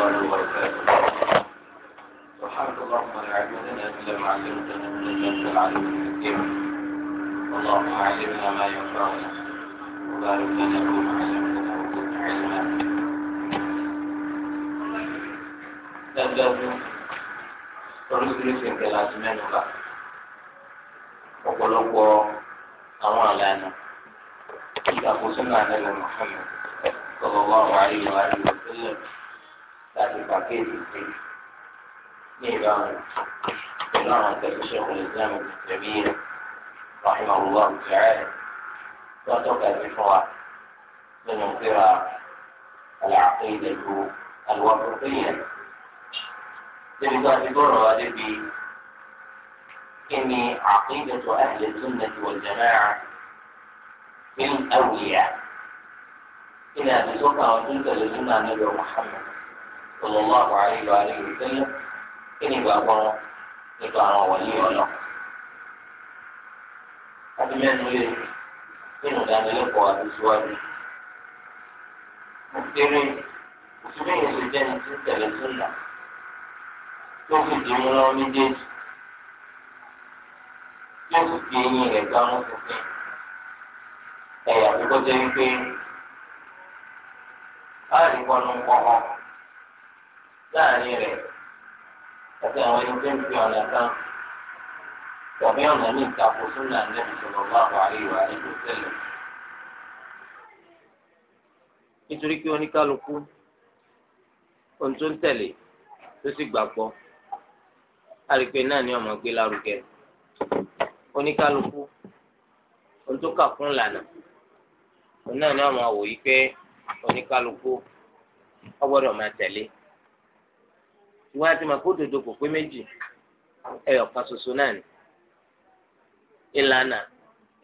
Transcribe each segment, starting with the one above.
الله وبركاته سبحانك اللهم لا علم لنا إلا ما علمتنا إنك أنت العليم الحكيم اللهم علمنا ما ينفعنا وبارك لنا فيما علمتنا وكنت علما dájúdájú oríṣiríṣi nǹkan láti mẹ́nu bá ọ̀pọ̀lọpọ̀ àwọn àlànà ìdàkóso náà nílẹ̀ mọ̀fẹ́mi sọ̀rọ̀ wà wà ayé wa ìwé sílẹ̀. láti pàkéjì sí ní ìbámu pẹ̀lú àwọn tẹ̀lé ṣẹ́kùn ìsìlámù tẹ̀lé yẹn rahma allah ta'ala tó tọ́ka sí fún wa nínú síra àlàkéjìlú alwàkùnfìyà níbi tó a ti gbọ́rọ̀ wá débi kí ni àkéjìlú ahlẹ̀ sunnah wal jamaa'ah min awliya kí ni àbísọ́kà àwọn tó ń tẹ̀lé sunnah níbi ọ̀hún sallallahu alaihi wa alihi wa sallam kí ni ìgbàgbọ́ wọn nípa àwọn wọlé ọlọ. láti mẹ́nu lé nínú ìdánilẹ́kọ̀ọ́ àti síwájú. mo kéré òṣùpá yìí ṣe jẹ́ ní ti tẹ̀lé sọ́nà tó láàrin rẹ̀ àti àwọn ẹni tó ń fi ọ̀nà kan tàbí ọ̀nà ní ìtàkùn súnà nẹ́bí sọ̀rọ̀ bá wà ìwà ìlú tẹ́lẹ̀. nítorí pé oníkálukú ohun tó ń tẹ̀lé tó sì gbàgbọ́ àrípé náà ni ọmọ gbé lárugẹ oníkálukú ohun tó kà fún lànà òun náà ni ọmọ wòye pé oníkálukú ọgbọ́dọ̀ máa tẹ̀lé. ṣùgbọ́n a ti máa kó dodo kò pé méjì ẹyọ kan ṣoṣo náà ni. ìlànà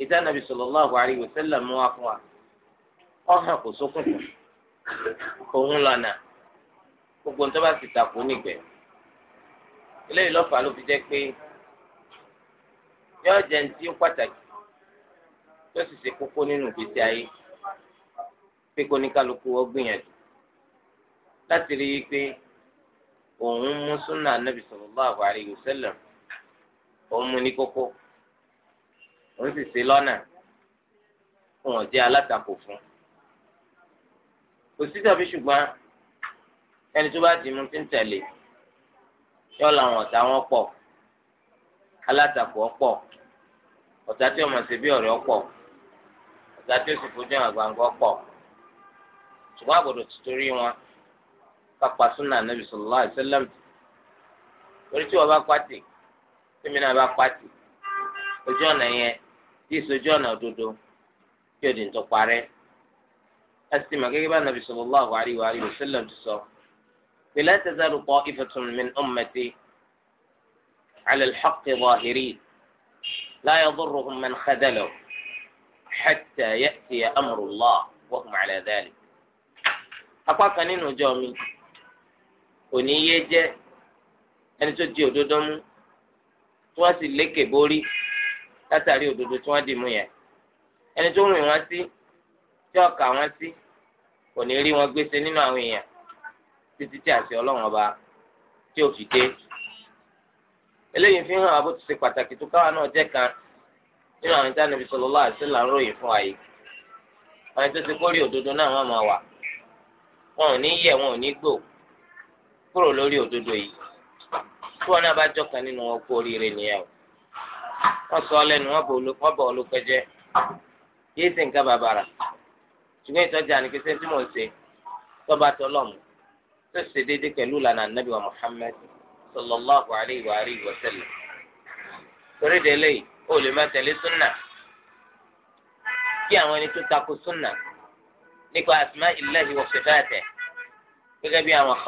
ìdánabi sallallahu alaihi wasallam mú wa fún wa ọ̀hàn kò sókùnkùn òun lọ́nà gbogbo nítorí bá ti tàkó nígbẹ́. eléyìí lọ́fà ló fi jẹ́ pé yọ jẹ́ pàtàkì tó sì ṣe kókó nínú ìgbésí ayé pé òun mú súnà nàbì sallallahu alaihi wasallam òun mú ní kókó òun sì ṣe lọ́nà fún wọn jẹ́ alátakò fún kò sí tàbí ṣùgbọ́n ẹni tó bá dì mú ti ń tẹ̀lé yọ làwọn ọ̀tá wọn pọ̀ alátakò ọ̀pọ̀ ọ̀tá tí ọmọ ṣe bí ọ̀rẹ́ ọ̀pọ̀ ọ̀tá tí ó sì fojú hàn gbangba ṣùgbọ́n àgbọ́dọ̀ ti torí wọn kápá súnà nàbì sallallahu alaihi wasallam orí tí wọ́n bá pàtì tèmi náà bá pàtì ojú ọ̀nà yẹn tí ìsojú ọ̀nà òdodo tí òdì ń tọ́ parẹ́ ẹsì mà gẹ́gẹ́ bá nàbì sallallahu alaihi wa sallam ti sọ la tazalu ta'ifatun min ummati ala al-haqqi zahirin la yadurruhum man khadalahu hatta ya'tiya amrullah wa hum ala dhalik apá kan nínú ọjọ́ mi kò ní yé jẹ́ ẹni tó di òdodo mú tí wọ́n sì lékè borí látàrí òdodo tí wọ́n dì mú yẹn ẹni tó rìn wọ́n sí tí ọkà wọ́n sí kò rí wọn gbèsè nínú àwọn èèyàn títí tí àṣẹ Ọlọ́run ọba tí ò fi dé eléyìí fi hàn abó ti ṣe pàtàkì tó káwa náà jẹ́ kan nínú àwọn tí Ànábì sallallahu alaihi wasallam ń ròyìn fún ààyè àwọn tó ti kórè òdodo náà wọ́n máa wà wọn ò ní yẹ̀ wọn ò ní gbò kúrò lórí òdodo yìí tí wọn náà bá jọkàn nínú wọn kú oríire o wọn sọ lẹ́nu wọn bọ olùpẹjẹ yéé sì nǹkan bàbàrà ṣùgbọ́n ìtọ́jà ni pé tí mo ṣe tọ́ba tọlọ́mù tó ṣe déédéé wa Muhammad sallallahu alayhi wa alihi wa sallam o má súnà kí àwọn ẹni tó takò súnà nípa gẹ́gẹ́ bí àwọn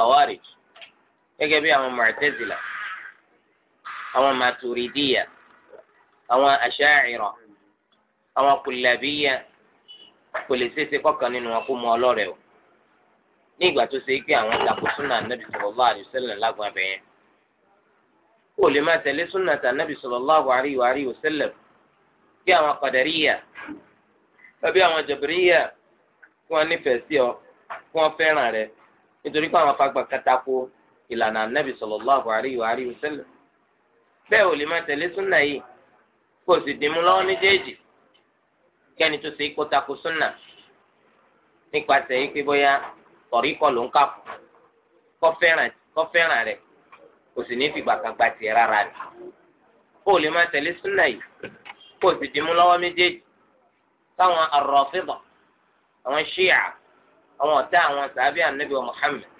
gẹ́gẹ́ bí àwọn martezila àwọn màtúrídìyà àwọn àṣàìrọ̀ àwọn kùlàbíyà kò lè nínú wọn kó mọ ọlọ́rẹ̀ o ní ìgbà tó ṣe pé àwọn tako súnà nàbì sallallahu alaihi lágùn abẹ yẹn lè máa tẹ̀lé súnà tà nàbì sallallahu alaihi wasallam bí àwọn kọ̀dàríyà tàbí àwọn kí wọ́n nífẹ̀ẹ́ sí ọ kí wọ́n fẹ́ràn ìlànà anabi sallallahu alayhi wa alihi wa sallam bẹ́ẹ̀ ò lè máa tẹ̀lé súnà yìí kó o sì dìmú lọ́wọ́ méjèèjì kẹ́ni tó ṣe kó tako súnà nípasẹ̀ yìí pé bóyá tọ̀rí kọ́ ló ń kà kọ́ fẹ́ràn rẹ̀ kò sì ní fìgbà kan gba tiẹ̀ rárá rẹ̀ kó o lè máa tẹ̀lé súnà yìí kó o sì dìmú lọ́wọ́ méjèèjì táwọn ar àwọn Shia àwọn ọ̀tá àwọn sàbí ànábì wa Muhammad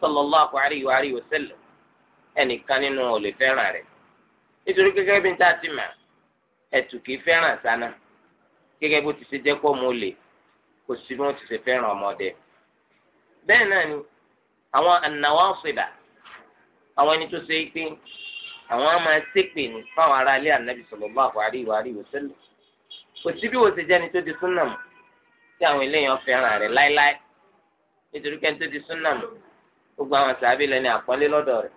sallallahu alayhi wa alayhi wa sallam ẹnìkan nínú ò lè fẹ́ràn rẹ̀ nítorí gẹ́gẹ́ bí n ta ti mà ẹ̀tù kìí fẹ́ràn sáná gẹ́gẹ́ bó ti ṣe jẹ́ pọ̀ mọ́ lè kò sí bí wọ́n ti ṣe fẹ́ràn ọmọdé bẹ́ẹ̀ náà ni àwọn an-nawasiba àwọn ẹni tó ṣe é pé àwọn á máa ṣépè ní fáwọn ará ilé ànábì sallallahu alayhi wa alayhi wa kò sí bí wọ́n ṣe jẹ́ni tó di súnà mọ́ tí àwọn eléyàn fẹ́ràn rẹ̀ láéláé nítorí kẹ́ni tó di súnà mọ́ gbogbo àwọn sàbí lẹ́ni àpọ́nlé lọ́dọ̀ rẹ̀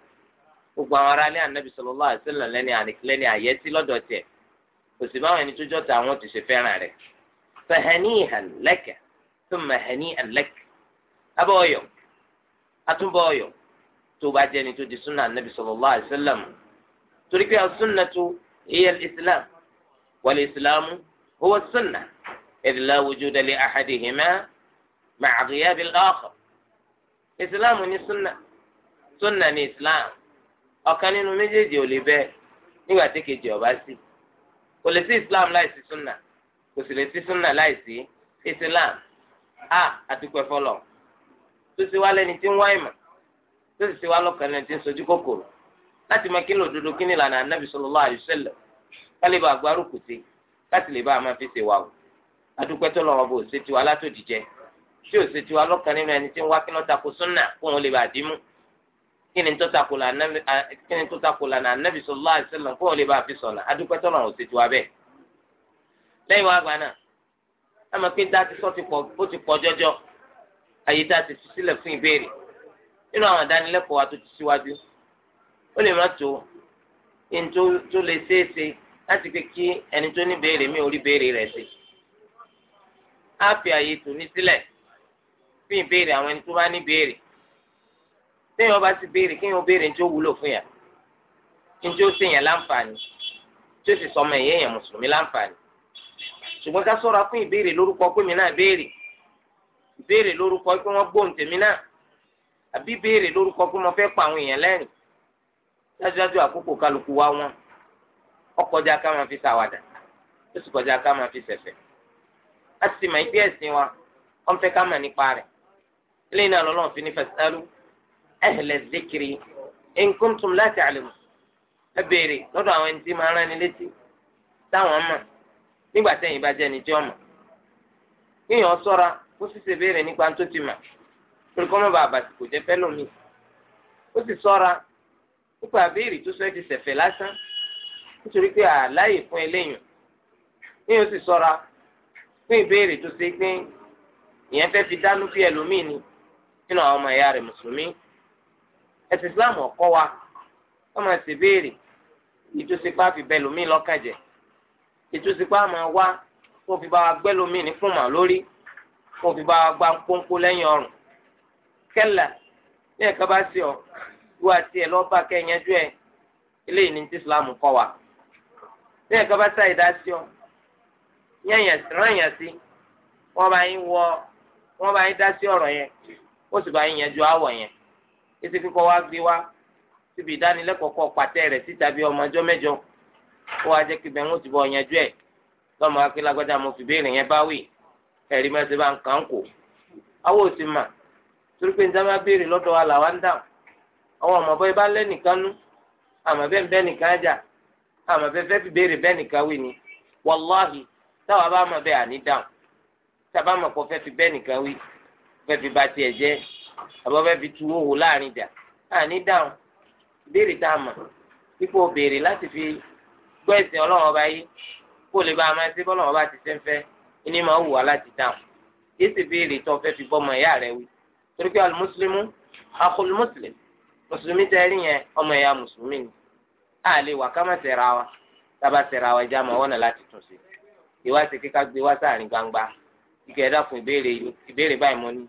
gbogbo àwọn ará ilé ànábì sallallahu alaihi wasallam lẹ́ni lẹ́ni àyẹ́sí lọ́dọ̀ tiẹ̀ kò sì báwọn ẹni tó jọ́ta àwọn ti ṣe fẹ́ràn rẹ̀ fahanihan laka thumma hanihan laka abọ́ ọyọ̀ atúbọ̀ ọyọ̀ tó bá jẹ́ ẹni tó di súnà ànábì sallallahu alaihi wasallam torí pé as-sunnatu hiya islam wal-islamu huwa as-sunnah idh la wujuda li ahadihima ìsìláàmù ní sunna sunna ni islam ọ̀kan nínú méjèèjì ò lè bẹ́ẹ̀ nígbà tí kejì ọ̀bá sí kò lè sí ìsìláàmù láìsí súnà kò sì lè sí súnà a àdúpẹ́ fọlọ̀ tó sì wá lẹ́ni tí ń wá ìmọ̀ tó sì sì wá lọ́kàn lẹ́ni tí ń sojú kòkòrò láti mọ kí ló dodo kí ni ìlànà anábì sallallahu alaihi wasallam kálíbà àgbárùkù ti láti lè bá a máa fi tó lọ́wọ́ ṣe tí o ṣe tiwa lọ́kàn nínú ẹni tí ń wá kí ló tako súnà kó wọn lè bá dì í mú kí ni tó tako lànà ànábì sallallahu alaihi wasallam kó wọn lè bá fi sọ̀nà adúpẹ́tọ́ náà ò ṣe tiwa bẹ́ẹ̀. lẹ́yìn wá gba náà àmọ́ pé dá ti sọ́ ó ti pọ̀ jọjọ àyè dá ti sílẹ̀ fún ìbéèrè nínú àwọn ìdánilẹ́kọ̀ọ́ wa tó ti síwájú ó lè má tó ẹni tó lè ṣeé ṣe láti pé kí ẹni tó ní béèrè mi ò rí béèrè rẹ̀ ṣe. á fi àyè tò ní sílẹ̀ fún ìbéèrè àwọn ẹni tó bá ní béèrè téèyàn bá ti béèrè kéèyàn béèrè ní tí ó wúlò fún yàn ní tí ó ṣèyàn láǹfààní tí ó sì sọmọ ẹ̀yẹ èèyàn mùsùlùmí láǹfààní ṣùgbọ́n ká sọ́ra fún ìbéèrè lórúkọ pé mi náà béèrè ìbéèrè lórúkọ pé wọ́n gbóhùn tèmi náà àbí béèrè lórúkọ pé mo fẹ́ pa àwọn èèyàn lẹ́rìn dájúdájú àkókò kálukú wá wọn ó kọjá ká máa fi ṣàwàdà ó sì kọjá ká máa fi ṣẹ̀fẹ̀ á sì mọ̀ ẹgbẹ́ ẹ̀sìn wa wọ́n fẹ́ ká mọ̀ nípa rẹ̀ eléyìí náà lọ́lọ́run fi ní fasalu ahla dhikri in kuntum la ta'lamun ẹ béèrè lọ́dọ̀ àwọn ẹni tí máa rán ni létí táwọn mọ̀ nígbà tẹ́yìn bá jẹ́ ni tí ọmọ kéèyàn sọ́ra kó sì ṣe béèrè nípa tó ti mà torí kọ́ mọ́ bá àbàtì kò jẹ́ fẹ́lómi ó sì sọ́ra nípa àbéèrè tó sọ ẹ́ ti ṣẹ̀fẹ̀ lásán nítorí pé àláyè fún eléyìn kéèyàn sì sọ́ra fún ìbéèrè tó ṣe pé ìyẹn fẹ́ fi dánú bí ẹlòmíì ni nínú àwọn ọmọ ẹ̀yà rẹ̀ mùsùlùmí ẹ̀sìn islam ọ̀kọ́ wa wọ́n máa ṣe béèrè ìtúsípá fi bẹ́ lómi lọ́kàn jẹ́ ìtúsípá máa wá kó fi bá wa gbẹ́ lómi ní fún màá lórí kó fi bá wa gba pọ́npọ́ lẹ́yìn ọrùn kẹ́là ní ẹ̀ka bá sí ọ wíwá tí ẹ lọ́ọ́ kẹ́yẹ́jú ẹ eléyìí ní ti islam kọ́ wa ní ẹ̀ka bá sáyé dá sí ọ yẹ̀yẹ̀ rán yẹn wọ́n bá yín wọ wọ́n bá yín dá sí ọ̀rọ̀ yẹn. ó sì bá yín yanjú àwọ̀ yẹn ètò kíkọ́ wá gbé wá síbi ìdánilẹ́kọ̀ọ́ kọ́ pàtẹ́ rẹ̀ síta bí mẹ́jọ ó wá jẹ́ kí bẹ́ẹ̀ ń ti bọ̀ yanjú ẹ̀ lọ́mọ akínlágbádá mo fi béèrè yẹn báwì ẹ̀rí mẹ́sẹ̀ bá ń wa làwa ń dà ọmọ bọ́ ibà lẹ́ nìkan nú àmọ́ bẹ́ẹ̀ bẹ́ẹ̀ nìkan jà àmọ́ bẹ́ẹ̀ fẹ́ fi béèrè bẹ́ẹ̀ nìkan wí ni wàláhì táwa bá mọ̀ bẹ́ẹ̀ àní dà táwa bá fi bẹ́ẹ̀ nìkan wí fẹ́ẹ́ fi ba tiẹ̀ jẹ́ àbọ̀ fẹ́ẹ́ fi tu owó láàrin jà àní dáhùn ìbéèrè tá a mọ̀ ipò béèrè láti fi gbọ́ ẹ̀sìn ọlọ́run ọba yìí kó lè bá a máa ṣe bọ́lọ́run ọba ti ṣe ń fẹ́ ní máa wù wá láti dáhùn yìí sì béèrè tó fẹ́ fi bọ́mọ ìyá rẹ wí torí pé alimuslimu akul mùsùlùmí tẹ ẹrí yẹn ọmọ ìyá mùsùlùmí ni a lè wà ká má ṣẹ̀ra wa tábà ṣẹ̀ra wa já máa wọ́nà láti tún sí ìwádìí kíkà gbé wá sáàrin gbangba ìkẹ́ ẹ̀dá fún ìbéèrè báyìí mo ní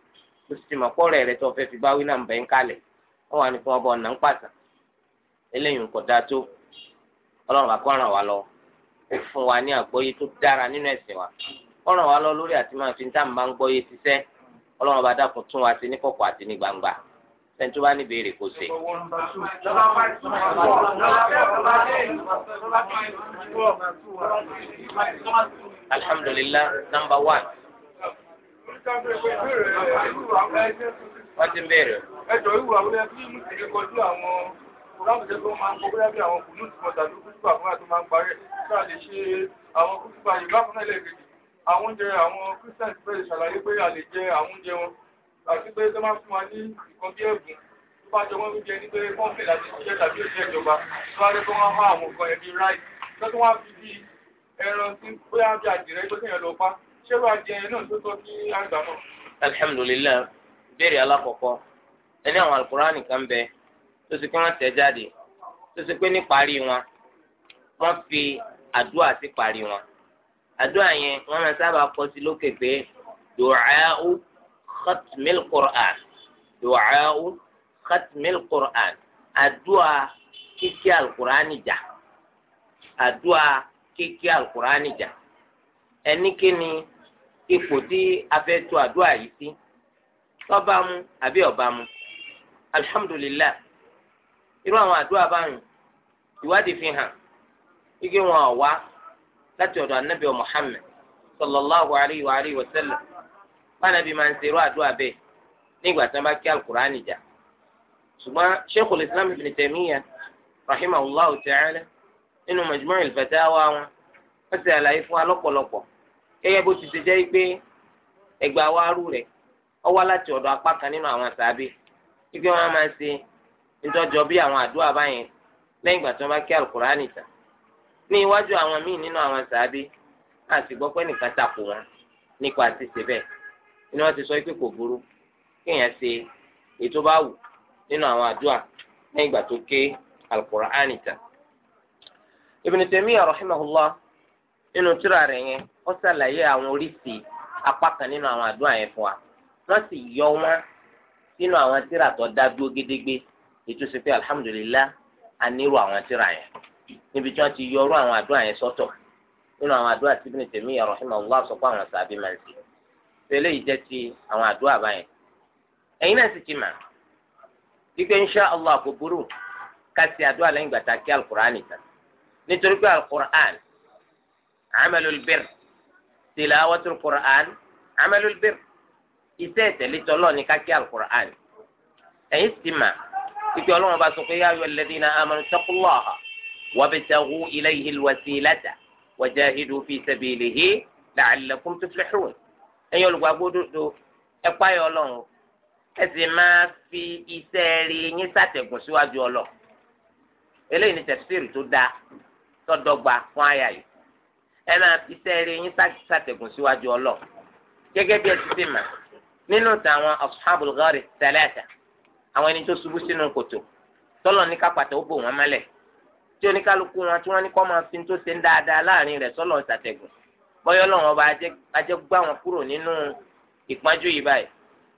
tó sì mọ̀ pọ́ọ̀rọ̀ rẹ tó fẹ́ fi bá wí náà ń ń kalẹ̀ wọ́n wà ní fún ọba ọ̀nà ń pàtà eléyìí kò dáa tó ọlọ́run bá ràn wá lọ fún wa ní àgbọ́yé tó dára nínú ẹ̀sìn wa ó ràn wá lọ lórí àti máa fi tá à ń bá ń wa Wọ́n ti ń bèèrè. Ẹjọ́ ìwò àwọn ẹgbẹ́ tí mo ti rí kọjú àwọn ọ̀rọ̀mùsẹ́ tó máa ń kọ bóyá bí àwọn kùnú ti mọ̀ tàbí kúrúpà fún àti máa ń parẹ́. Sáà lè ṣe àwọn kúrúpà yìí bá fún ẹlẹ́gbẹ̀ẹ́. Àwọn oúnjẹ àwọn Christian ti bẹ̀rẹ̀ ṣàlàyé pé a lè jẹ àwọn oúnjẹ wọn. Àti pé tó máa fún wa ní nǹkan bí ẹ̀bùn. Tó bá jọ wọ́n jẹ ní pé pọ́ǹpì láti ṣiṣẹ́ tàbí òṣìṣẹ́ ìjọba. Tó bá dé pé wọ́n há àwọn nǹkan ẹbí ráì. Tó tún wá fi bí ẹran tí bóyá bí àdìrẹ́ tó kéèyàn lọ pa ṣẹ́rù ajẹyẹ náà tó tọ́ sí àgbà náà. alhamdulilayi béèrè alákọ̀ọ́kọ́ ẹni àwọn alukurani kan bẹ tó ti pé wọ́n tẹ̀ jáde tó ti pé ní parí wọn wọ́n fi àdúrà sí parí wọn àdúrà yẹn wọ́n máa sábà kọ sí lókè pé du'a'u khatmil qur'an du'a'u khatmil qur'an àdúrà kíkí alukurani jà àdúrà kíkí alukurani jà ẹnikẹ́ni ipò tí a fẹ́ tó àdúrà yìí sí tọ́ba mu àbí ọba mu alihamudulilayi irú àwọn àdúrà báyìí ìwádìí fi hàn igi wọn ọ̀wá láti ọ̀dọ̀ anabi Muhammad sallallahu alayhi wa alayhi wa sallam fanabi máa ń ṣe irú àdúrà bẹ́ẹ̀ nígbà tí wọ́n bá kí alukur'an jà ṣùgbọ́n sheikhul islam ibn taymiyyah rahimahullahu ta'ala nínú majmu'il fatawa wọn wọ́n ti àlàyé fún wa lọ́pọ̀lọpọ̀ gẹ́gẹ́ bó ti ṣe jẹ́ pé ẹgbà wa rú rẹ̀ ó wá láti ọdọ apá kan nínú àwọn sàábì wípé wọ́n máa ṣe ìtọ́jọ́ bí àwọn àdúrà báyẹn lẹ́yìn ìgbà tí wọ́n bá kí alukur'ani tán ní iwájú àwọn míì nínú àwọn sàábì àti gbọ́ pé nìkan takò wọn nípa àti ni ti sọ pé kò burú kéèyàn ṣe ètò bá wù nínú nínú tírà rẹ̀ yẹn ó ṣàlàyé àwọn oríṣi apá kan nínú àwọn àdúrà yẹn fún wa wọ́n sì yọ wọ́n sínú àwọn tírà tó dá dúró gédégbé ètò a àwọn tírà yẹn níbi tí ti yọrú àwọn àdúrà yẹn sọ́tọ̀ nínú àwọn àdúrà tí Ibn Taymiyyah rahimahullah sọ pé àwọn sàbí máa ń yìí ti àwọn àdúrà báyẹn náà sì ti mà àdúrà gbàtà kí nítorí pé amalul bir tilawatul qur'an amalul bir iṣẹ́ ìtẹ̀lẹ́tọ̀ lọ́ọ̀ ní kákí alukur'an ẹ̀yin sì mà kíkẹ́ ọlọ́run bá sọ pé yá ayọ̀ alladhina amanu taqullaha wabtaghu ilayhi alwasilata wajahidu fi sabilihi la'allakum tuflihun ẹ̀yin olùgbàgbọ́dọ̀dọ̀ ẹ páyọ̀ ọlọ́run ẹ sì máa fi iṣẹ́ rí yín sàtẹ̀gùn síwájú ọlọ́ eléyìí ni tafsir tó dáa tó dọ́gba fún àyà yìí ẹ máa fi sẹ́ẹ̀rẹ̀ yín sàtẹ̀gùn síwájú ọlọ́ gẹ́gẹ́ bí ẹ ti ti mà nínú tàwọn ashabul ghari thalatha àwọn ẹni tó ṣubú sínú kòtò tọ́lọ̀ ní kápátá ó bò wọ́n mọ́lẹ̀ tí oníkálukú wọn tí wọ́n ní kọ́ máa fi tó ṣe ń dáadáa láàrin rẹ̀ sọ́lọ̀ sàtẹ̀gùn bọ́yọ́ lọ́wọ́ bá ajẹ́ gbá wọn kúrò nínú ìpọ́njú yìí báyìí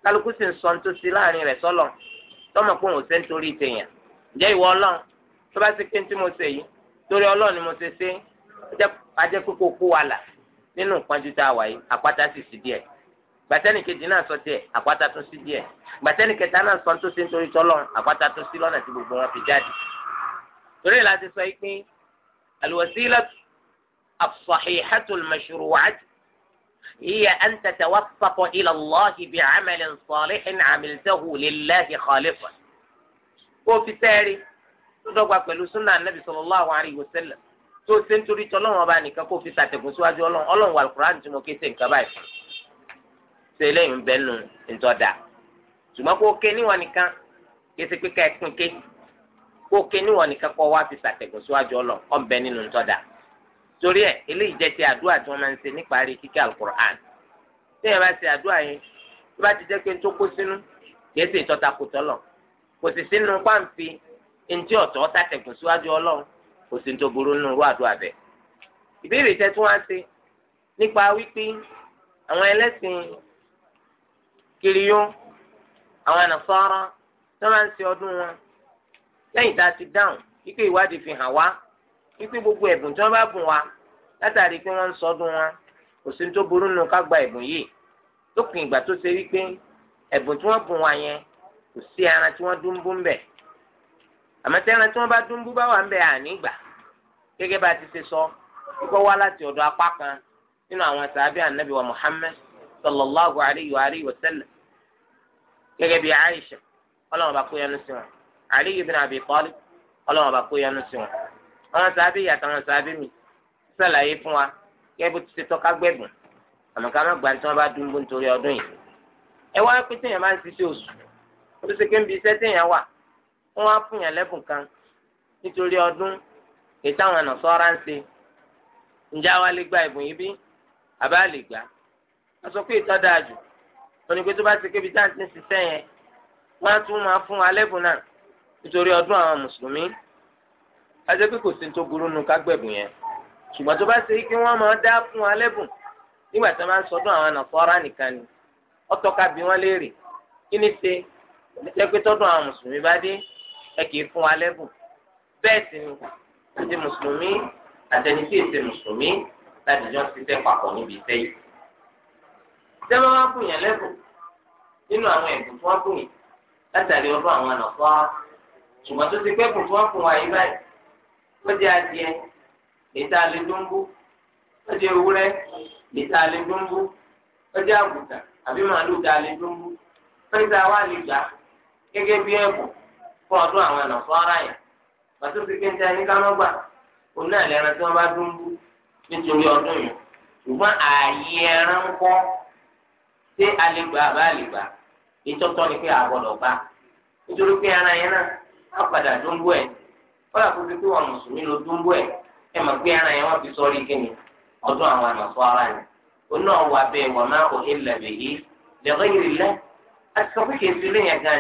kálukú sì ń sọ tó ṣe láàrin rẹ̀ sọ́lọ̀ tọ́mọ̀ pé òun ṣe ń torí tèèyàn ǹjẹ́ ìwọ ọlọ́run tó bá ṣe pé tí mo ṣe yìí torí ọlọ́run ni mo ṣe ṣe é ajẹ́ pé kó kó wa là nínú ìpọ́njú tá a wà yìí àpáta sì sí díẹ̀ gbàtẹ́nì kejì náà sọ díẹ̀ àpáta tún sí díẹ̀ gbàtẹ́nì kẹta náà sọ tó ṣe nítorí tọ́lọ́ àpáta tún sí lọ́nà tí gbogbo wọn fi jáde torí ẹ̀ láti sọ pé alwasilatu as-sahihatu al-mashru'atu hiya an tatawaffaqa ila Allah bi'amalin salihin 'amiltahu lillahi khalisan kó fi sẹ́ẹ̀rí tó dọ́gba pẹ̀lú sunnah nabi sallallahu alayhi wa tó ṣe ń torí ọba nìkan fi ṣàtẹ̀kùn wà lùkùrán tí mo ké ṣe nǹkan báyìí nu ìtọ́dà ṣùgbọ́n kó ké níwọ̀n nìkan kí ṣe pé ká ké kó ké níwọ̀n nìkan wá fi ṣàtẹ̀kùn síwájú ọlọ́run ọ̀ ń nínú ìtọ́dà torí ẹ eléyìí jẹ́ ti àdúrà tí wọ́n máa ń ṣe níparí kíkẹ́ tí kò sí tó burú nínú irú àdúrà bẹ́ẹ̀. ìbéèrè tẹ́ tún wá sí nípa wípé àwọn ẹlẹ́sìn kiriyó àwọn ànàsárá tó máa ń ṣe ọdún wọn lẹ́yìn tá a ti dáhùn wípé ìwádìí fi hàn wá wípé gbogbo ẹ̀bùn tí wọ́n bá bùn wá látàrí pé wọ́n ń sọdún wọn kò burú nínú ká gba ẹ̀bùn yìí lópin ìgbà tó ṣe wípé ẹ̀bùn tí wọ́n bùn wá yẹn kò sí ẹran tí wọ́n dún bú ń bẹ̀ àmọ́tẹ́ran tí wọ́n bá dún bú bá wà ń bẹ ànígbà gẹ́gẹ́ bá ti ṣe sọ kíkọ́ wá láti ọ̀dọ̀ apá kan nínú àwọn sàábì ànábì wa Muhammad sallallahu alayhi wa alayhi wa sallam gẹ́gẹ́ bí Aisha ọlọ́run bá kó yanu sí wọn Ali ibn Abi Talib ọlọ́run bá kó yanu sí wọn àwọn sàábì yàtọ̀ àwọn sàábì mi sàlàyé fún wa gẹ́gẹ́ bó ti ṣe tọ́ka gbẹ̀gùn àmọ́ ká má gbà tí wọ́n bá dún bú nítorí ọdún yìí ẹ wá pété yẹn máa ń ṣiṣẹ́ oṣù ó ti ṣe pé ń bi iṣẹ́ téèyàn wà wọ́n á fún yàn kan nítorí ọdún èyí táwọn nàṣọ́ra ń ṣe ǹjẹ́ àwa lè gba ẹ̀bùn yìí bí àbá lè gbà á sọ pé ìtọ́ dáa jù onígbé tó bá ti kébi tá à ti ń yẹn á tún máa fún wa lẹ́bùn náà nítorí ọdún àwọn mùsùlùmí ajẹ́ pé kò sí tó burú nu ká wọ́n máa dá ni bí wọ́n léèrè kí ni ṣe tọ́dún àwọn ẹ kì í fún wa lẹ́bùn bẹ́ẹ̀ sì ni àti mùsùlùmí àtẹni tí èsè mùsùlùmí láti jọ ṣiṣẹ́ papọ̀ níbi iṣẹ́ yìí. sẹ́wọ́n wá fún yẹn lẹ́bùn nínú àwọn ẹ̀bùn tí wọ́n fún yìí látàrí ọdún àwọn ànàfọ́ ṣùgbọ́n tó ti pẹ́ kù tí wọ́n fún wa yìí báyìí ó jẹ́ adìẹ lẹ́tà lẹ́dúnbú ó jẹ́ ewúrẹ́ lẹ́tà lẹ́dúnbú ó jẹ́ àgùntàn àbí màálù dà lẹ́dúnbú ó ní sáà wà lè gbà gẹ́gẹ́ bí ẹ̀bùn fún ọdún àwọn ẹ̀nà fún ara yẹn pàtó kékeré ń tẹ ẹni ká lọ́gbà òun náà lẹ́ran tí wọ́n bá dún bú nítorí ọdún yìí ṣùgbọ́n ààyè ẹran ń kọ́ ṣé alẹ́gbà àbá àlẹ́gbà ìtọ́tọ́ ni pé àgbọ̀dọ̀ gbà nítorí pé ara yẹn náà á padà dún bú ẹ̀ kọ́lá kó fi wọn mùsùlùmí ló dún bú ẹ̀ ẹ mọ̀ pé ara yẹn wọ́n fi sọ́ọ́rí kíni ọdún àwọn yẹn òun náà wà bẹ́ẹ̀ wọ́n máa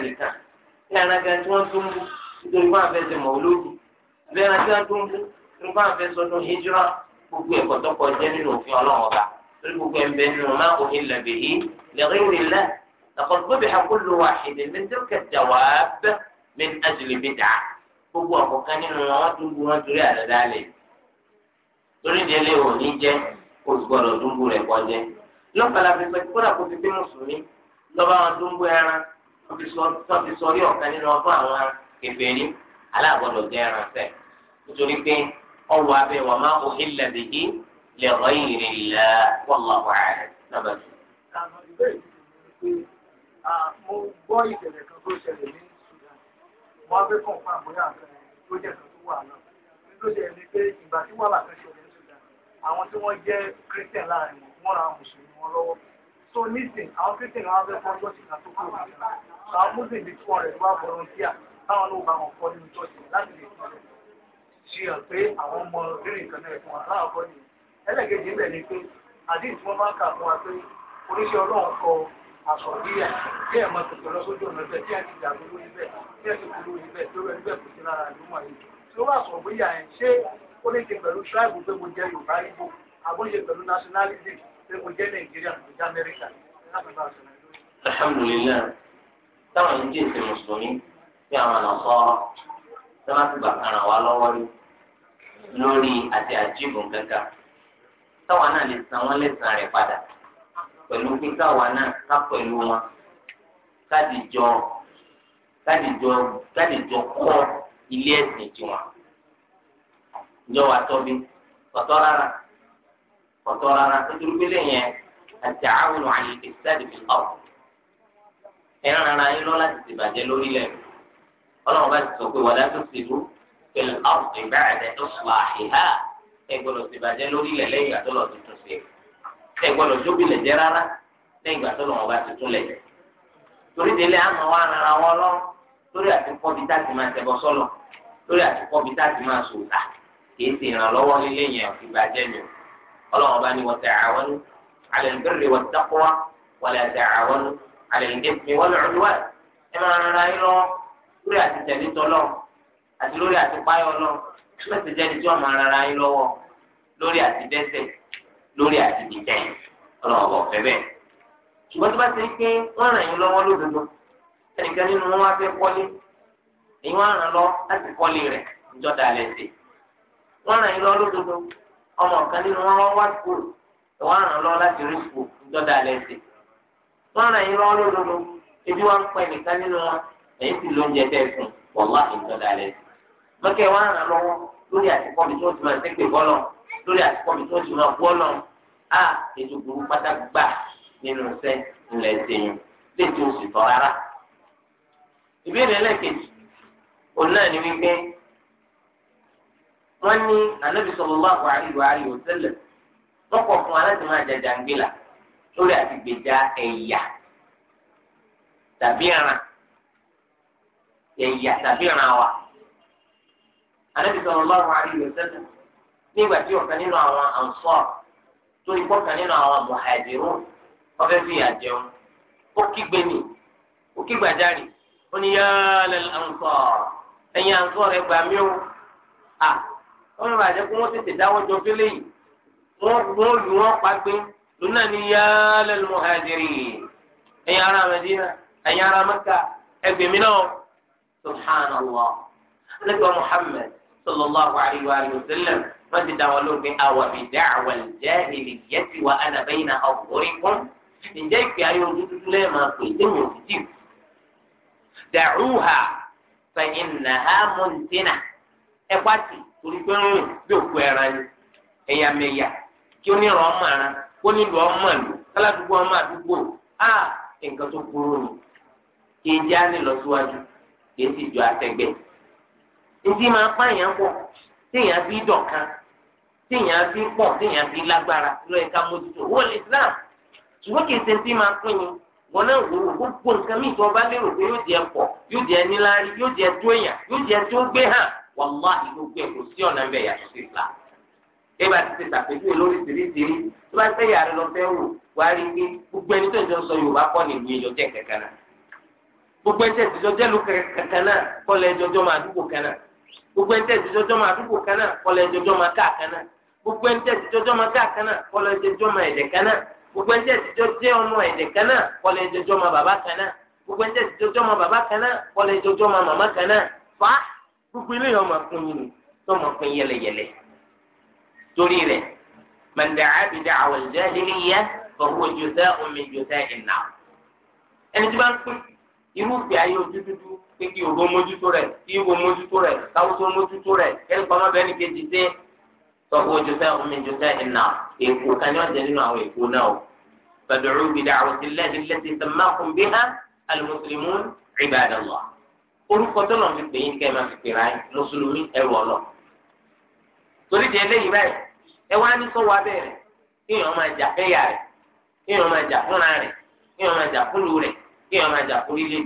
ń ẹran gan tí wọ́n tún bú nítorí wọn àfẹ́ ṣe mọ̀lódì ẹran tí wọ́n tún bú nítorí wọn àfẹ́ sọdún hijra gbogbo ẹ̀kọ́ tó kọ jẹ́ nínú òfin ọlọ́run ọba torí gbogbo ẹ̀ ń bẹ nínú máa kò ilẹ̀ bèyí lẹ́rìí rìlẹ̀ lọ́kọ̀tún bẹ̀rẹ̀ akóló àṣìlẹ̀ mẹ́tẹ́kẹ̀ jàwáàbẹ mi àjùlẹ̀ mi dà gbogbo ọ̀kọ̀kan nínú wọn tún bú wọn torí àdáda lẹ̀ torí délé ò ní jẹ́ kó gbọ́dọ̀ dúnbù rẹ̀ kọjẹ́ lọ́pàá la fi pẹ́ kó tó ti sọ rí ọ̀kan nínú ọdún àwọn kèfèrí aláàbọ̀dọ̀ jẹ́ ẹranfẹ́ nítorí pé ọwọ́ abẹ́ wà máa ń ilẹ̀ bìí lè rọ ìrìn ilẹ̀ wọ́lá wàhálà náà bẹ̀rẹ̀. mo gbọ́ ìṣẹ̀lẹ̀ kan tó ṣẹlẹ̀ ní Sudan wọ́n fẹ́ kàn fún àbúrò àkàrà tó jẹ́ kan tó wà náà nítorí ṣẹlẹ̀ ni pé ìgbà tí wàhálà kan ṣẹlẹ̀ ní Sudan àwọn tí wọ́n jẹ́ Christian láàrin wọn ra mùsùlùmí wọn lọ́wọ́ so nísìn àwọn Christian wọn fẹ́ fọ́jọ́ àwọn muslim bí fún ọ̀rẹ́ tó wà volunteer táwọn ló bá wọn kọ́ nínú church láti lè fún ọ̀rẹ́ ṣe hàn pé àwọn ọmọ rírì nǹkan náà fún wa láwọn kọ́ ni ẹlẹ́gẹ̀ẹ́jì ń bẹ̀ ni pé àdéhùn tí wọ́n bá ń kà fún wa pé oníṣẹ́ ọlọ́run kọ àsọ̀bíyà bí ẹ̀ máa tètè lọ sójú ọ̀nà bẹ́ẹ̀ bí ẹ̀ ti dàgbò lórí bẹ́ẹ̀ bí ẹ̀ ti kú lórí bẹ́ẹ̀ tó rẹ̀ níbẹ̀ kò sí lára àdúgbò yìí tí ó bá sọ̀bíyà yẹn ṣé ó ní ṣe pẹ̀lú tribe pé mo jẹ́ Yorùbá Ìgbò àbóṣe pẹ̀lú nationality pé mo jẹ́ Nàìjíríà mo jẹ́ Amẹ́ríkà láti bá a sọ̀rọ̀ táwọn méjì nke mùsùlùmí bí àwọn àlọ́kọ́ sábàtì bàkàrà wa lọ́wọ́ lórí àti àjíbù kankan táwọn náà lè san wọ́n rẹ̀ padà pẹ̀lú pé káwa náà ká pẹ̀lú wọn kádìjọ kádìjọ jọ kọ́ ilé ẹ̀sìn tiwọn ìjọ wa tọ́bi rárá ẹ rárá yín lọ láti ti bàjẹ́ lórílẹ̀ ọlọ́run bá ti sọ pé wàdà tó ti rú pẹ̀lú ọ̀sùn ìbáraẹ̀dẹ́ tó sùn àhìhá ẹ gbọ́dọ̀ ti bàjẹ́ lórílẹ̀ lẹ́yìn ìgbà tó lọ ti tún ṣe ẹ gbọ́dọ̀ jóbìlẹ̀ jẹ́ rárá lẹ́yìn ìgbà tó lọ́wọ́ bá ti tún lẹ̀ torí délé àmọ́ wa rárá wọn lọ lórí àtikọ́ bí tá ti máa tẹ̀bọ sọ́lọ̀ lórí àtikọ́ bí tá ti máa sòtà ah, kì ti ìrànlọ́wọ́ lílé yẹn ìbàjẹ́ mi ọlọ́run bá ní wa ta'awanu 'ala al-birri wat-taqwa wa la ta'awanu على الإثم والعدوان إما أنا لا يرى ولا تتلي تلوم أتلوري أتقاي ولوم ما تجاني جوا ọlọ́wọ́ bọ̀ ṣùgbọ́n ti pé wọ́n ràn yín lọ́wọ́ lódodo ẹnìkan nínú wọn wá fẹ́ kọ́lé èyí wọ́n ràn lọ láti kọ́lé rẹ̀ alẹ́ sí. wọ́n ràn yín lódodo ọmọ nínú wọn ràn yín lọ́wọ́ lódodo ebi wọn pẹ́ nìkan nínú wọn èyí sì ló ń jẹ bẹ́ẹ̀ fún wàhálà ìtọ́jà rẹ̀ mọ́kẹ́ wọn ràn lọwọ lórí mi tí wọ́n ti máa ti máa a ètò burú pátá gbà nínú oṣù rárá. ìbéèrè òun náà ni wípé ní lórí àti gbèjà ẹ̀yà tàbí ẹ̀ràn ẹ̀yà tàbí ẹ̀ràn wa. Ànábì sallallahu alaihi wasallam nígbà tí ọ̀kan nínú àwọn Ansar tó ikọ́ nínú àwọn Muhajirun ọ̀fẹ́ fi àjẹun ó kígbe ní ó kígbàjarì ó ní rẹ̀ gbà mí o wọ́n kó wọ́n tètè sunna ni yaalẹ muhajiri ẹ̀yin ará madina ẹ̀yin ará maka ẹgbẹmí náà subhanallah nípa muhammed sallallahu alayhi wa sallam wọn ti dáwọn lóògbé awa bi da'wal jahiliyyati wa ana bayna ọkùnrin ǹjẹ́ ìpè ayé ojú dúdú lẹ́yìn máa pè é wọ́n ti dì da'uha fa innaha muntina ẹ pàtì torí pé ń rìn bí òkú kí ó ní ìrọ̀ ọmọ kó nílùú ọmọ ìlú káládùúgbò ọmọ àdúgbò á nǹkan tó burú ni kì í jẹ́ á ní lọ síwájú kì í sì jọ àtẹ̀gbẹ́. ntí máa pa èèyàn pọ̀ téèyàn fi dọ̀kan téèyàn fi pọ̀ téèyàn fi lágbára lọ ẹ̀ka mójútó wọ́n lè Islam ṣùgbọ́n kì í ṣe ntí máa pín ni wọn náà wò ó gbogbo nǹkan míì tó bá lérò pé yóò jẹ pọ̀ yóò jẹ níláárí yóò jẹ tó èèyàn yóò jẹ tó gbé hàn wàláhì ló gbé kò sí ọ̀nà ń yàtọ̀ sí Islam eba ti ti sàpèjúwe lórí tìrìtìrì tó bá fẹ́ yàrá lọ fẹ́ wò wá rí i pé gbogbo ẹni tó ń jọ sọ yorùbá kọ́ ni ìwé ìjọjẹ́ kankan náà gbogbo ẹni tẹ̀sí jọjẹ́ ló kankan náà kọ́lẹ̀ ẹjọ́jọ́ máa dúpọ̀ kan náà gbogbo ẹni tẹ̀sí jọjọ́ máa dúpọ̀ kan náà kọ́lẹ̀ ẹjọ́jọ́ máa ká kan náà gbogbo ẹni tẹ̀sí jọjọ́ máa ká kan náà kọ́lẹ̀ ẹjọ́jọ́ máa ẹ̀dẹ̀ kan náà gbogbo ẹni tẹ̀sí jọjẹ́ ọmọ ẹ̀dẹ̀ kan náà kọ́lẹ̀ ẹjọ́jọ́ máa bàbá kan náà jọjọ́ máa torí rẹ̀ mẹ̀ndẹ̀ àbídà àwọn ìjẹ́lélẹ́ yẹ fọwọ́ jùtẹ́ omi jùtẹ́ ìnà. ẹni tí wọ́n pín irúfẹ́ ayé ojú dúdú pé kí ògbó mójútó rẹ̀ kí ìwò mójútó rẹ̀ káwọ́sọ mójútó rẹ̀ kẹ́lí pamọ́ bẹ́ẹ̀ ni kejì sí fọwọ́ jùtẹ́ omi jùtẹ́ ìnà èkó kan yóò jẹ nínú àwọn èkó náà o. fàdúrú bìdà àwọn ìdílé ìdílé ti sàmákùn bí hàn alimusulimu ibadallah orúkọ tó lọ́n fi pè yín kẹ́ torí di eléyìí báyìí ẹ wá ní sọ́wọ́ abẹ́rẹ́ kéèyàn máa jà fẹ́yà rẹ̀ máa jà fúnra rẹ̀ máa jà rẹ̀ máa jà fún ti ń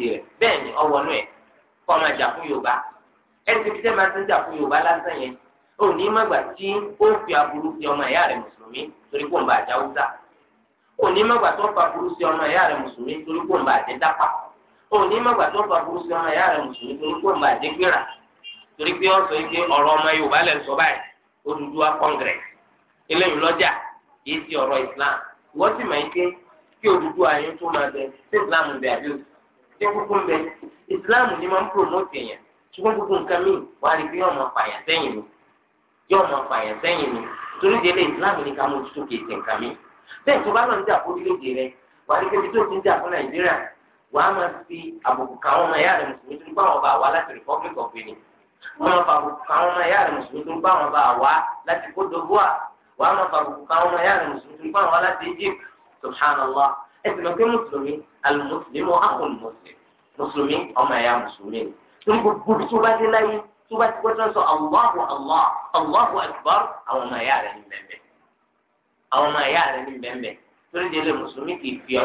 jà fún Yorùbá lásán yẹn ní mọ̀gbà tí ó fi aburú sí ọmọ rẹ̀ mùsùlùmí torí kò ń bá àjà ní mọ̀gbà tó fa aburú sí ọmọ rẹ̀ mùsùlùmí torí Odùduwà congress eléyìí lọ́jà yìí ti ọ̀rọ̀ islam wọ́n sì máa ń ké kí Odùduwà yín tó máa bẹ sí islam bẹ àbí òsì tí kúkú ń bẹ islam ni máa ń promote èèyàn ṣùgbọ́n kúkú nǹkan míì wà á rí pé yóò máa sẹ́yìn ni yóò máa fàyàn sẹ́yìn ni torí délé islam ni ká mú tuntun kì í ṣe nǹkan míì bẹ́ẹ̀ tó bá lọ ń jà fún orílẹ̀-èdè rẹ wà á rí pé tó ti ń jà fún nàìjíríà wà á máa fi àbùkù káwọn ọmọ ẹ̀yà rẹ mùsùlùmí republic of benin wọn máa fàbùkù káwọn ọmọ ẹ̀yà rẹ̀ mùsùlùmí tó ń bá wọn bá wá láti kó dogoa wọn máa fàbùkù káwọn ọmọ ẹ̀yà rẹ̀ mùsùlùmí tó ń bá wọn wá láti Egypt subhanallah ẹsìn lọ pé mùsùlùmí alimusulimu akun mùsùlùmí ọmọ ẹ̀yà mùsùlùmí tó ń gbogbo tó bá dé láyé tó bá ti gbọ́dọ̀ sọ Allahu Allah Allahu akbar àwọn ọmọ ẹ̀yà rẹ̀ ní bẹ́ẹ̀ àwọn ọmọ ẹ̀yà rẹ̀ ní bẹ́ẹ̀ torí délé mùsùlùmí kì í fi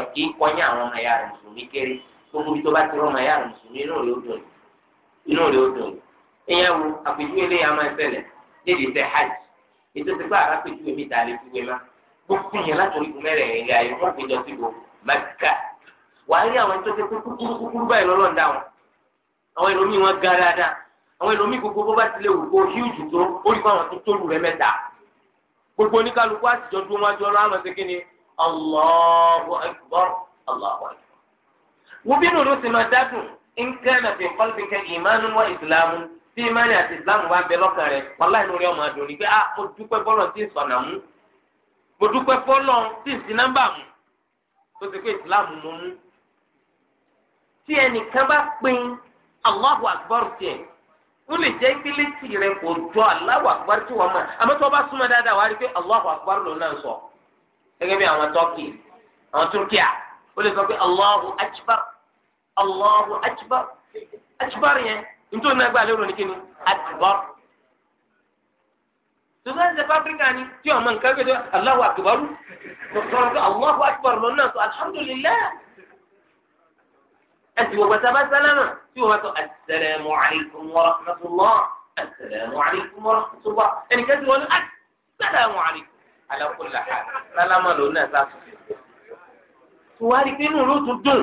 ọ ìyẹn wo àpèjúwe lè yàrá máa ṣẹlẹ̀ léde tẹ hajj ètò ìsìnkú àrà àpèjúwe mi tààrí fi wé ma gbogbo yẹn látòrí kù mẹ́rẹ̀ ẹ̀yà ayé wọ́n péjọ sí bo mẹ́kà wàá rí àwọn tó ṣe pé kúkúrú kúkúrú báyìí lọ́lọ́run dá wọn àwọn ẹlòmíì wọn ga dáadáa àwọn ẹlòmíì gbogbo bó bá ti lè wù kó híùjù tó ó fáwọn tó tó lù rẹ mẹ́ta gbogbo oníkálukú àtijọ́ tó wọn jọ lọ́wọ́ àwọn ṣe tí imáni àti islam bá ń bẹ lọ́kàn rẹ̀ wàláì lórí ọmọ àdùn ni pé a ah, mo dúpẹ́ bọ́lọ̀ tí ń sọ̀nà mú mo dúpẹ́ bọ́lọ̀ tí ń sin nọ́mbà mú tó ti pé islam mo mú. tí ẹnìkan bá pín Allahu Akbar tiẹ̀ ó lè jẹ́ ìpínlẹ̀ tì kò jọ tí tí bá dáadáa rí pé náà sọ bí àwọn àwọn Turkiya ó lè sọ pé yẹn nítorí náà gbà lérò ní kíni àtìbọ́. tòbá ń sẹ́fọ́ áfíríkà ni tí ọmọ nǹkan gbé dé Allahu akbar tọ̀tọ̀rọ̀ Allahu akbar lọ́nà tó alhamdulillah. ẹ̀sìn wọ̀gbẹ̀ sábà sálámà tí wọ́n bá tọ́ assalamu alaykum wa rahmatullah assalamu alaykum wa rahmatullah ẹnìkan ti wọ́n ní assalamu alaykum ala kulli hal sálámà lọ́nà sáfù. tùwárí pé inú ló tún dùn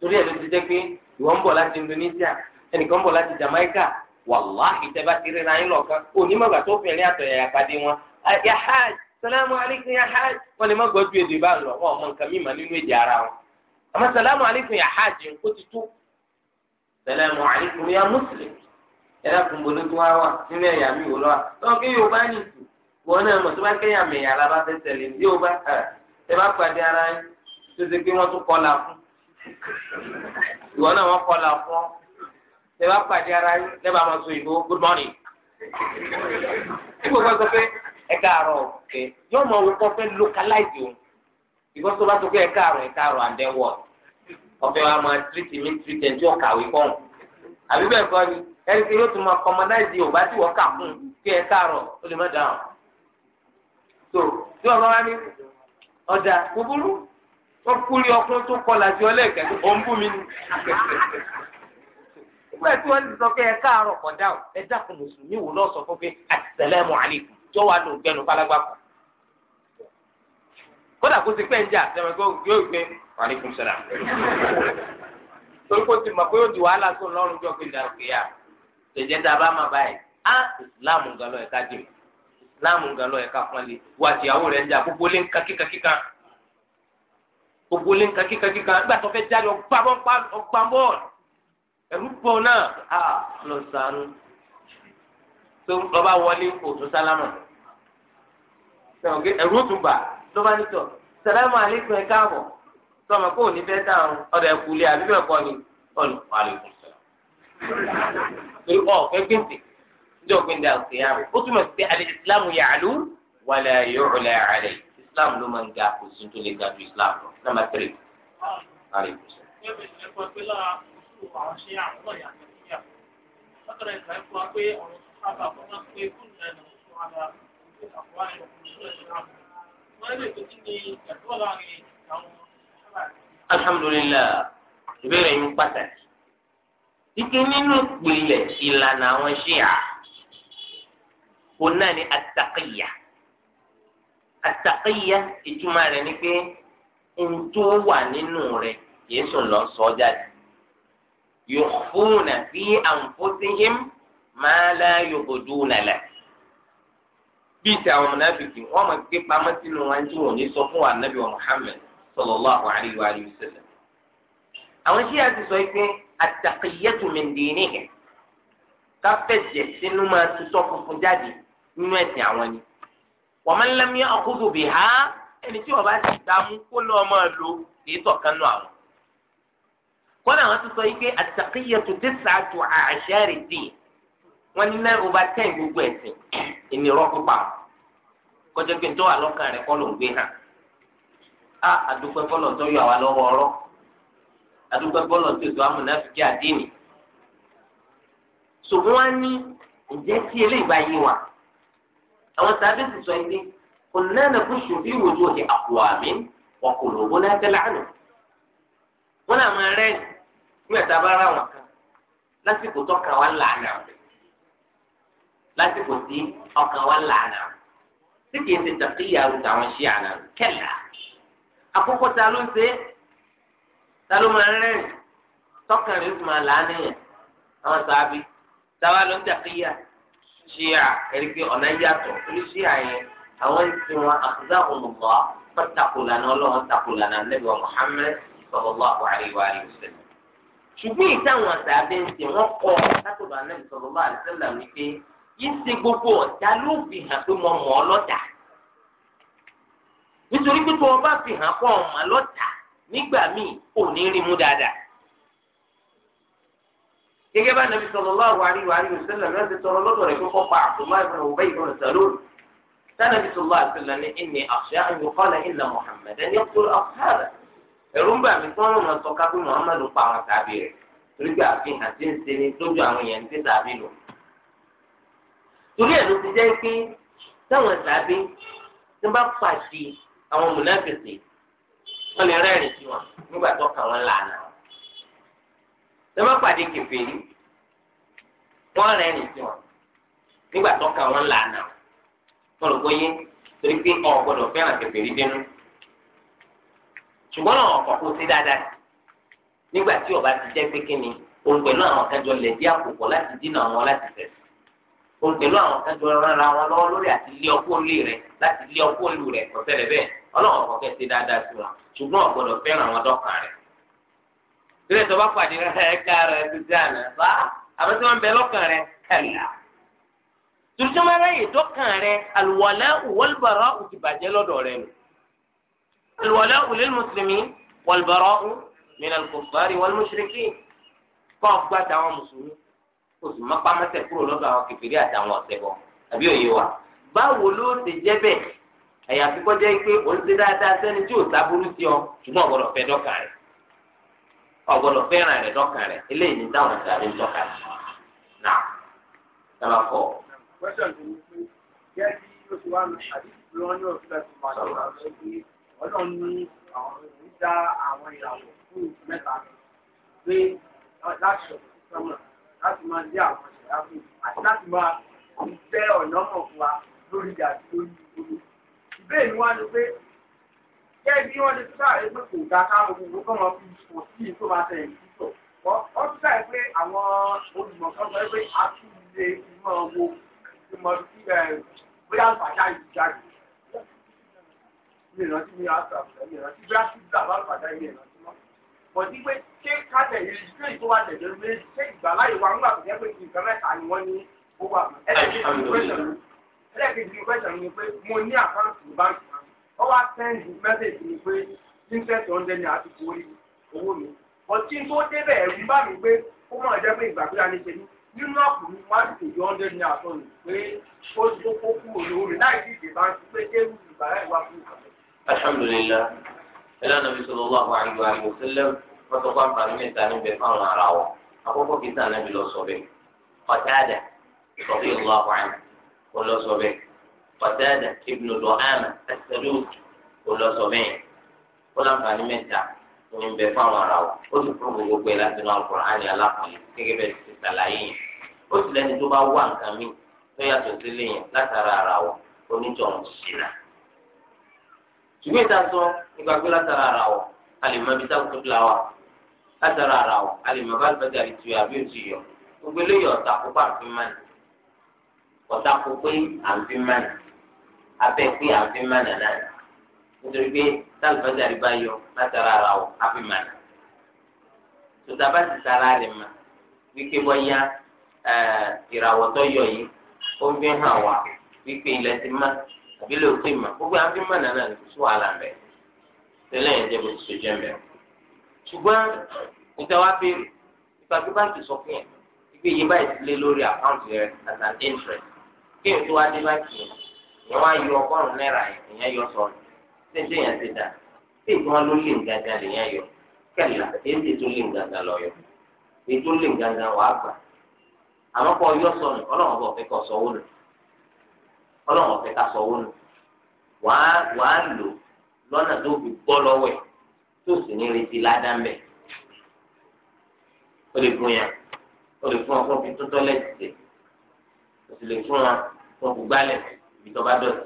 torí ẹ̀ ló ẹnìkan bọ̀ láti Jamaica wàláhì tẹ́bá ti rí ráyìn lọ́kàn onímọ̀gbà tó fi ẹ̀rí àtọ̀yà àpàdé wọn ah, ya hajj salamu alaykum ya hajj wọn ni mọ̀gbọ́ ju èdè bá ń lọ wọn ọmọ nǹkan mímọ̀ nínú èdè ara wọn àmọ́ salamu alaykum ya hajj kó ti tó salamu alaykum ya muslim mi wò lọ́wọ́ kí yóò bá ní wọn náà mọ̀ tó bá kẹ́yà ara bá fẹ́ ara yín tó lẹ́bà pàdé ara yín lẹ́bà máa sọ ìbò good morning. Ibùdó sọ pé ẹ káàárọ̀ òkè yóò mọ òun kan localize òun. Ìgbọ́n tó bá sọ pé ẹ káàárọ̀ ẹ káàárọ̀ and then what? wa máa treat mi treat ẹ̀ kàwé fọ́ọ̀n. Àbí bẹ́ẹ̀ kọ́ ni ẹni tí yóò tún máa commonize Yorùbá tí wọ́n kà fún un kí ẹ káàárọ̀ ó lè má dáhùn. So tí ọ̀rọ̀ wa ní ọ̀dà búburú wọ́n kúrì ọkùnrin tó kọlà sí ọlẹ́ẹ̀kẹ́ tó ń bú mi ni nígbà tí wọ́n ti sọ pé ẹ káàárọ̀ kọ̀dá o ẹ dákun mùsùlùmí wò lọ sọ fún pé àtìsẹ́lẹ̀mù àlèkùn tó wà ló gbẹnu fálágbá kan. kódà kó ti pẹ́ ń jà sẹ́wọ̀n tó yóò gbé wàlẹ́kùn sọ̀rọ̀ torí kó ti mọ̀ pé ó di wàhálà tó lọ́rùn jọ pé ìdàrú kìíyà jẹjẹ tá a bá máa báyìí á ìsìláàmù nǹkan lọ ẹ̀ka dì mí ìsìláàmù nǹkan lọ ẹ̀ka fún ẹlẹ́ wà tìyàwó rẹ̀ ń jà gbogbo lé ń ka kíka kíka gbogbo lé ń ka kíka kíka nígbà tó ẹrú pọ̀ náà a lọ sànú tó lọ́ba wọlé òtún sálámà ẹrú tún bà lọ́ba nítọ̀ sàlámà àlékún ẹ káàbọ̀ tọmọ kó o ní fẹ́ dáhùn ọ̀dọ̀ ẹ̀kú lé àbí bẹ́ẹ̀ kọ́ ni ọ̀lùkọ́ àlékún sọ. torí ọ̀ fẹ́ gbèsè ní ọ̀gbìn dà ọ̀sẹ̀ yà rẹ̀ ó túmọ̀ sí pé alẹ́ ìsìlámù ya'lu wala yu'la alayhi ìsìlámù ló máa ń ga kò sí lè ga ju ìsìlámù lọ nàmà tírì tó àwọn ṣe àwọn ọ̀yà nàìjíríà látọ̀rọ̀ ìgbà ẹ̀kọ́ wa pé ọ̀rọ̀ sábà wọn máa ń pé fún ìlànà ìṣòro ara ìgbé àkọ́wá ẹ̀rọ ìṣòro ẹ̀ṣọ́ ààbò wọn lè tó kí ni ẹ̀kọ́ láàrin àwọn sábà. alhamdulilayi ìbéèrè yín pàtàkì ike nínú ìpìlẹ̀ ìlànà àwọn ṣíà kò náà ní àtàkìyà àtàkìyà ìtumọ̀ rẹ̀ ni pé ohun tó wà nínú rẹ̀ yéésù lọ sọ jáde yukhfuna fi anfusihim ma la yubduna lak bí ti àwọn mọ̀nàfíkì wọ́n máa gbé pamọ́ sínú wọn tí wọ́n ní sọ fún wa nàbí wa Muhammad sallallahu alayhi wa sallam. àwọn tí a ti sọ pé at-taqiyyatu min dinihi káfẹ́jẹ̀ sínú máa tutọ́ funfun jáde nínú ẹ̀sìn àwọn ni. wa man lam ya'khudh biha ẹni tí wọ́n bá ti dààmú kó lọ́ọ́ máa lo kì í tọ̀kan nù àwọn kọ́nà àwọn ti sọ yìí pé àtàkìyẹ̀tù tẹ̀sàtù àṣẹ́rì dì wọ́n ní nine over ten gbogbo ẹ̀sìn ìnirọ́ pípa kọjá pé nítorí àlọ́kàn rẹ̀ kọ́ ló ń gbé hàn á àdúpẹ́ fọlọ́ tó yọ àwa lọ́wọ́ ọ̀rọ̀ àdúpẹ́ fọlọ́ tó tó amúnáfíkì àdínì ṣùgbọ́n wá ní ǹjẹ́ tí eléyìí bá yé wa àwọn sábẹ́ sì sọ ilé kò nánà fún ṣùgbọ́n náà tẹ́lẹ̀ àná mẹ́ta bá ra wọn kan lásìkò tọkàn wa làánà lásìkò tí ọkàn wa làánà tí kìí ṣe tàkìyà rú tàwọn ṣí àná kẹlà àkókò ta ló ń ṣe ta ló máa ń rẹ́rìn tọkàn rẹ̀ ó sì máa làánà yẹn àwọn sábì táwa ló ń tàkìyà ṣíà ẹ̀ríkì ọ̀nà yàtọ̀ orí ṣíà yẹn àwọn ìsìn wọn àkùdá òmùgbà wọn lànà ọlọ́run takò lànà nẹ́bí wa Muhammad sallallahu alaihi wa alihi wasallam. ṣùgbọ́n ìtàwọn àtàbí ń sè wọ́n kọ́ látọ̀dọ̀ anábì sọ̀rọ̀ bá àdìsẹ́là wípé yìí ṣe gbogbo ọ̀dà ló fi hàn pé mo mọ̀ ọ́ lọ́jà nítorí pé tó o bá fi hàn pọ̀ ọ̀mà lọ́jà nígbà míì ò ní rí mú dáadáa. gẹ́gẹ́ bá nàbí ti inna Muhammadan ẹ̀rù ń bà mí kí wọ́n mọ̀ sọ ká pé muhammadu pa àwọn tàbí rẹ̀ torí pé àfihàn ti ń ṣe ni lójú àwọn èèyàn ti tàbí lò. torí ẹ̀ ló ti jẹ́ pé táwọn tàbí tí wọ́n bá pàṣẹ àwọn mùnáfẹ̀sẹ̀ wọ́n lè rẹ́rìn sí wọn nígbà tó kà wọ́n lànà. tí wọ́n bá pàdé kèfèrí wọ́n rẹ́rìn sí wọn nígbà tó kà wọ́n lànà. wọ́n rò bóyá torí pé ọ̀ gbọ́dọ̀ fẹ́ràn kèfèrí dénú ṣùgbọ́n àwọn ọkọ̀ kò sí dáadáa nígbà tí ọba ti jẹ́ pé kíni òun pẹ̀lú àwọn kájọ lẹ̀ dí àkókò láti dínà wọn láti fẹ̀sì òun pẹ̀lú àwọn kájọ rárá wọn lọ́wọ́ lórí àti lé ọkọ̀ lé rẹ̀ láti lé ọkọ̀ lù rẹ̀ kọ̀tẹ́lẹ̀ bẹ́ẹ̀ ọlọ́run ọkọ̀ kẹ́ sí dáadáa sí wọn ṣùgbọ́n ọ̀gbọ́dọ̀ fẹ́ràn wọn dọ́kàn rẹ̀ sílẹ̀ tó bá pàdé ẹ̀ka rẹ̀ ti dé àná bá àmọ́ tí wọ́n bẹ lọ́kàn rẹ̀ kẹ̀lá الولاء للمسلمين والبراء من الكفار والمشركين kọ́ọ̀gbá táwọn mùsùlùmí oṣù mọ́pámẹ́sẹ̀ kúrò lọ́dọ̀ àwọn kèfèrí àtàwọn ọ̀sẹ̀ bọ̀ àbí òye wa báwo ló ṣe jẹ́ bẹ́ẹ̀ ẹ̀yà àfikọ́ jẹ́ pé ó ń ṣe dáadáa sẹ́ni tí ò sábúrú sí ọ ṣùgbọ́n ọ̀gbọ́dọ̀ fẹ́ dọ́kà rẹ̀ ọ̀gbọ́dọ̀ fẹ́ràn rẹ̀ dọ́kà rẹ̀ eléyìí ní táwọn ìsàlẹ̀ ń dọ́kà rẹ̀ nà sábà kọ́. question ọlọ́run ní àwọn ọ̀rẹ́ dá àwọn ìràwọ̀ fún ìlú mẹ́ta pé láti ṣọ̀tún sọ́mọ̀ láti máa lé àwọn ìṣẹ̀dá fún àti láti máa fẹ́ ọ̀nà mọ̀ fún wa lórí ìjà àti lórí ìgboro. ìbéèrè wa ni pé gẹ́gẹ́ bí wọ́n ti sáré pé kò ga káwọn gbogbo kọ́ wọn fi pọ̀ sí ìtò máa tẹ̀ ní sísọ. wọ́n ti sáré pé àwọn olùmọ̀ kan sọ pé a tún lè mọ̀ wo ìmọ̀ bóyá àgbàjá ìjáde ilé ìrántí ní àtàkùn ilé ìrántí bí a ti gbà bá padà ilé ìrántí mọ́. bọ̀ sí pé ṣé kájẹ̀ ilé ìṣúná ìtò wa tẹ̀lé ló lé ṣé ìgbàláyè wa ńgbà tó jẹ́ pé kí nǹkan mẹ́ta ni wọ́n ní ó wà mọ́. ẹlẹ́kejì ní kwẹ́sàn ni pé mo ní àkáǹtì ní báńkì kan ó wá sẹ́ndì mẹ́sẹ̀jì ni pé interest ọ̀ndẹ́ ni àti kò rí owó mi. bọ̀ tí n tó débẹ̀ ẹ̀rù bá mi pé ó mọ̀ jẹ́ pé ìgbà nínú àpò mi máa ń tèjọ́ ọ́ndẹ́ ní àtọ́nù pé ó tó kó kúrò lórí láì sí ìdè bá ń pé kéwù ìgbà ẹ̀ wá fún ìkàwé alhamdulilah ẹlẹ́nu bí sọlọ́ wà wà ní wàhálà ìwòsílẹ̀ wọ́n sọ fún àǹfààní mẹ́ta níbẹ̀ fáwọn ará wọ akọ́kọ́ kì í sàn náà bí lọ sọ bẹ́ẹ̀ ọ̀tàdà sọ̀bí ìlú àwọn ọlọ sọ bẹ́ẹ̀ ọ̀tàdà ibùdó lọ́hàmà ẹ̀sẹ̀lú ọlọ sọ bẹ́ẹ̀ wọ́n àǹfààní mẹ́ta níbẹ̀ fáwọn ará wọ ó sì fún gbogbo pé láti náà kọ̀ á ní alákùnrin gẹ́gẹ́ bẹ́ẹ̀ ti sàlàyé yẹn ó sì lẹ́ni tó bá wà nǹkan mí tó yàtọ̀ sílé yẹn látara ara wọ onítọ̀hún ti ṣìlá ṣùgbọ́n ìta sọ ìgbàgbé látara ara wọ alìmọ̀ bíi sáà kúndùlá wa látara ara wọ alìmọ̀ bá lùbẹ́tì àti tuyọ̀ àbí òtù yọ gbogbo eléyìí ọ̀tà kópa àfi mánì ọ̀tà kópa àfi mánì abẹ́ pé àfi mánì náà nítorí pé sáà lùbẹ́tì àti bá yọ látara ara wọ àfi mánì tòtà bá ti sara rẹ̀ mà wíkẹ́ bọ́yá ìràwọ̀ tó yọ yìí ó ń fi hàn wá wípé ilẹ̀ ti má. ilé òtí mà gbogbo àwọn fi mọ̀nà náà lóṣù wàhálà rẹ̀ tẹ́lẹ̀ yẹn jẹ́ bó ti ṣe jẹ́ mẹ́rin. níta wá béèrè ìgbà tó báńkì sọ fún yẹn báyìí ti lé lórí àkáǹtì as an interest kí n tó wá dé báńkì yẹn ìyẹn wá yọ ọgọ́rùn-ún náírà ìyẹn yọ sọ̀rọ̀ tẹ́tẹ́ yẹn ti dà tí ìgbọ́n ló lé ngangan lèyẹn yọ kẹ́lá èyí tó lé ngangan lọ yọ èyí tó lé wàá wàá lò lọ́nà tó fi gbọ́ lọ́wọ́ ẹ̀ tó sì ní retí ládàá mbẹ́ ó lè fún yàn ó lè fún ọkọ fi tótó lẹ́sìtì ó sì lè fún wọn wọn kò gbálẹ̀ ibi tó bá dọ̀tí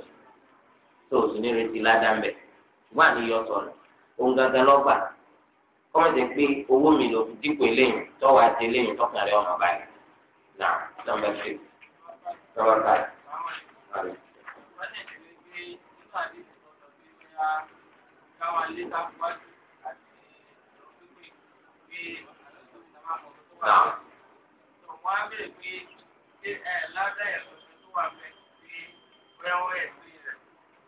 tó sì ní retí ládàá mbẹ́ ṣùgbọ́n àníyọ sọ̀rọ̀ ohun gangan lọ́gbà kọ́mọ̀tì pé owó mi lò fi dípò eléyìí tọ́wọ́ àti eléyìí tọkàn rẹ̀ ọmọ báyìí náà nọ́mbà six nọ́mbà five. nípa káwọn àlétà wájú àti ọ̀rọ̀ pípé pé náà tọ̀wọ́n á bèrè pé ṣé ẹ̀ ládàá ẹ̀ lọ́sẹ̀ tó wà fẹ́ pé wẹ́wọ́ ẹ̀ sí rẹ̀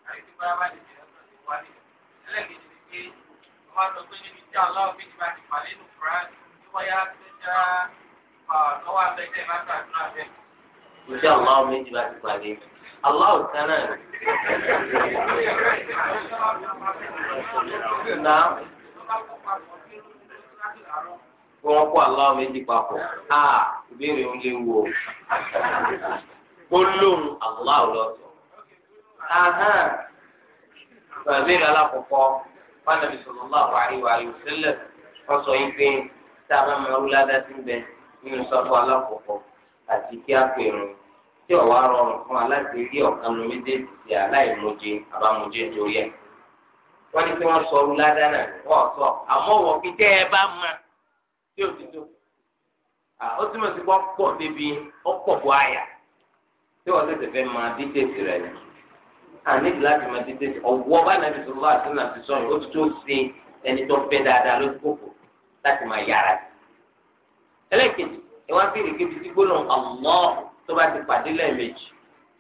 àti tí bá bá lè jẹ́ ọ̀sán ti wá nílẹ̀ ẹlẹ́gẹ̀dẹ̀ ni pé wọ́n sọ pé níbi tí aláwọ̀ bí ti bá ti pàdé nù fúra ní wáyà tó já lọ́wọ́ abẹ́jẹ́ ìbátan àdúrà bẹ́ẹ̀. ìjọba àwọn méjì bá pàdé aláwọ̀ kan náà ni. nà kí wọ́n kó aláwọ̀ méjì papọ̀ a ìbéèrè ń léwu o kó lóun aláwọ̀ lọ́tọ̀ fàbíyìn alákọ̀ọ́kọ́ fanabi sallallahu alaihi wa sallam wọ́n sọ yìí pé tá a máa ma wúlá dá sí bẹ́ẹ̀ nínú sọ́kọ̀ alákọ̀ọ́kọ́ àti kí á pè rún. tí ọ̀wá rọrùn fún aláti rí ọ̀kan nu méjèèjì sí aláìmọ̀jẹ àbámọ̀jẹ torí ẹ̀. wọ́n ní kí wọ́n sọ ọrú ládánà wọ́n sọ àmọ́ wọ́n fi tẹ́ ẹ bá mọ̀ tí ò ti tó. ó túmọ̀ sí wọ́n pọ̀ débi ó pọ̀ àyà tí wọ́n tètè fẹ́ máa dítèsì rẹ̀ ni. a níbi láti máa dítèsì ọ̀wọ́ nàbí ó ti tó ṣe ẹni tó fẹ́ dáadáa ló tó bá ti pàdé lẹ́ẹ̀mejì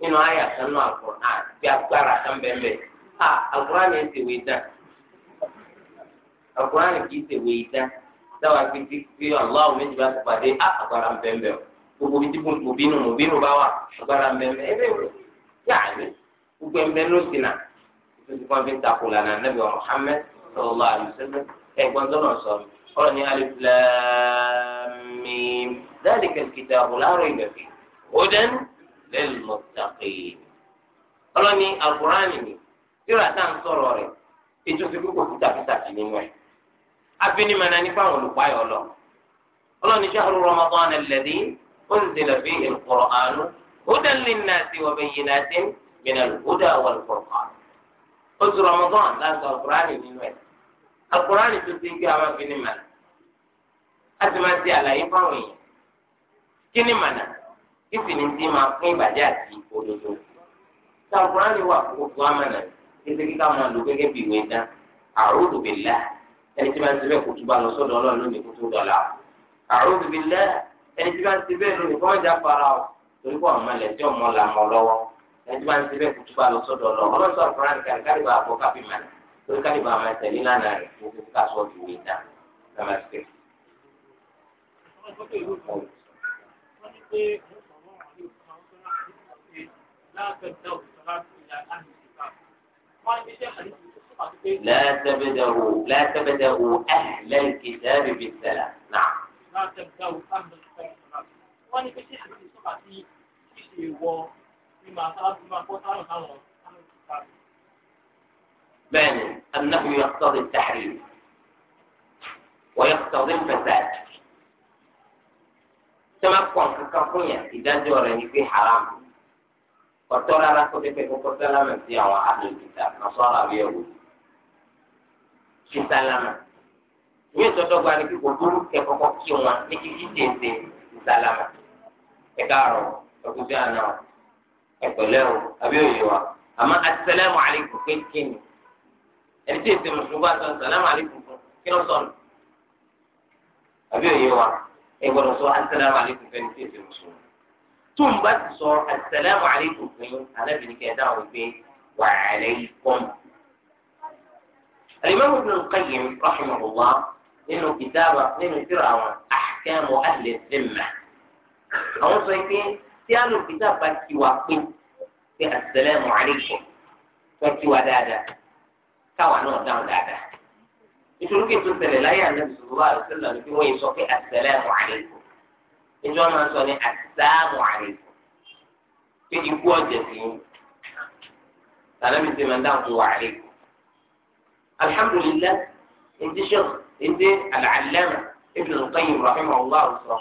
nínú àyà kan náà Al-Qur'an bí agbára kan bẹ́ẹ̀ bẹ́ẹ̀ a Al-Qur'an yẹn ti wé dán Al-Qur'an kì í ti wé dán dáwà fi ti fi Allahu méjì bá ti pàdé a agbára bẹ́ẹ̀ bẹ́ẹ̀ gbogbo bí dìbò mòbínú mòbínú bá wà agbára bẹ́ẹ̀ bẹ́ẹ̀ ẹ bẹ́ẹ̀ wò yáà ní gbogbo ẹ̀ bẹ́ẹ̀ ló sì nà tuntun kan fi ń takò lànà nàbì wa Muhammad sallallahu alayhi ẹ̀gbọ́n hudan lil muttaqin ọlọ́ni àkùránì ni tíra tá à ń sọ̀rọ̀ rẹ̀ ètò ìfikún kò fi tàkìtàkì nínú ẹ̀ abinimọ̀nà nípa àwọn olùpáyọ̀ lọ ọlọ́ni shahru ramadan alladhi unzila fihi al-Qur'an hudan lin-nasi wa bayyinatin min al-huda wal-furqan oṣù ramadan láti àkùránì nínú ẹ̀ àkùránì tó ti ń gbé àwọn abinimọ̀nà láti máa ti àlàyé fáwọn èèyàn kí ni mọ̀nà kífì ní ti máa pín ìbàjẹ́ àti òdodo. sàkúránì wà fúnfún amànà títí kíkà máa lò gẹ́gẹ́ bí ìwé dán a'udhu billah ẹni tí bá ń ti bẹ́ẹ̀ kó tó bá lọ sọ́dọ̀ ọlọ́run lónìí kó tó dọ̀la. a'udhu billah ẹni tí bá ń ti bẹ́ẹ̀ lónìí kó wọ́n já fara o torí kó àwọn ẹlẹ́tí ọmọ là mọ́ lọ́wọ́ ẹni tí bá ń ti kó tó bá lọ sọ́dọ̀ ọlọ́run ọlọ́sọ̀ àkúránì ní لا تبدأوا لا تبدأوا أهل الكتاب بالسلام نعم لا تبدأوا أهل الكتاب بالسلام وأنا في شيء هو صار أنه يقتضي التحريم ويقتضي الفساد كما قلت كفرية إذا جرى في حرام kọtọ rárá kó tẹpẹ kókó sálámà sí àwọn àlùkìtà nasọra àbí ẹwò sí sálámà ìwé ìsọdọgba ni kíkò dúró kẹkọkọ kí wọn ní kíkí tètè sálámà ẹ káàárọ̀ ẹkú bí àná ẹ pẹ̀lẹ́ o àbí òye wa àmọ́ asẹlẹmù àlekù kéńké ni ẹni tí èsì mùsùlùmí àti sàlámù àlekù fún kí ló sọnù àbí òye wa ẹ gbọ́dọ̀ sọ asẹlẹmù àlekù fẹni tí èsì mùsùlùmí. ثم بس صور السلام عليكم فين على ابن كيداوي فين وعليكم الإمام ابن القيم رحمه الله إنه كتابة من فرعون أحكام أهل الذمة أو صيفين في أهل الكتاب فاتي وقين في السلام عليكم فاتي ودادا كوا نوع دام دادا إنتو لكي تنتبه لا يعني النبي الله عليه وسلم في وين صفي السلام عليكم ìjọ máa sọ ní àtìsáàmù àlejò pé ikú ọ̀jẹ̀ sí i sàlámì sí máa dáhùn wà àlejò. alhamdulilayi ndí sọ́ọ̀ ndí alàlámà Ibn al-Qayyim rahimahullah sọ.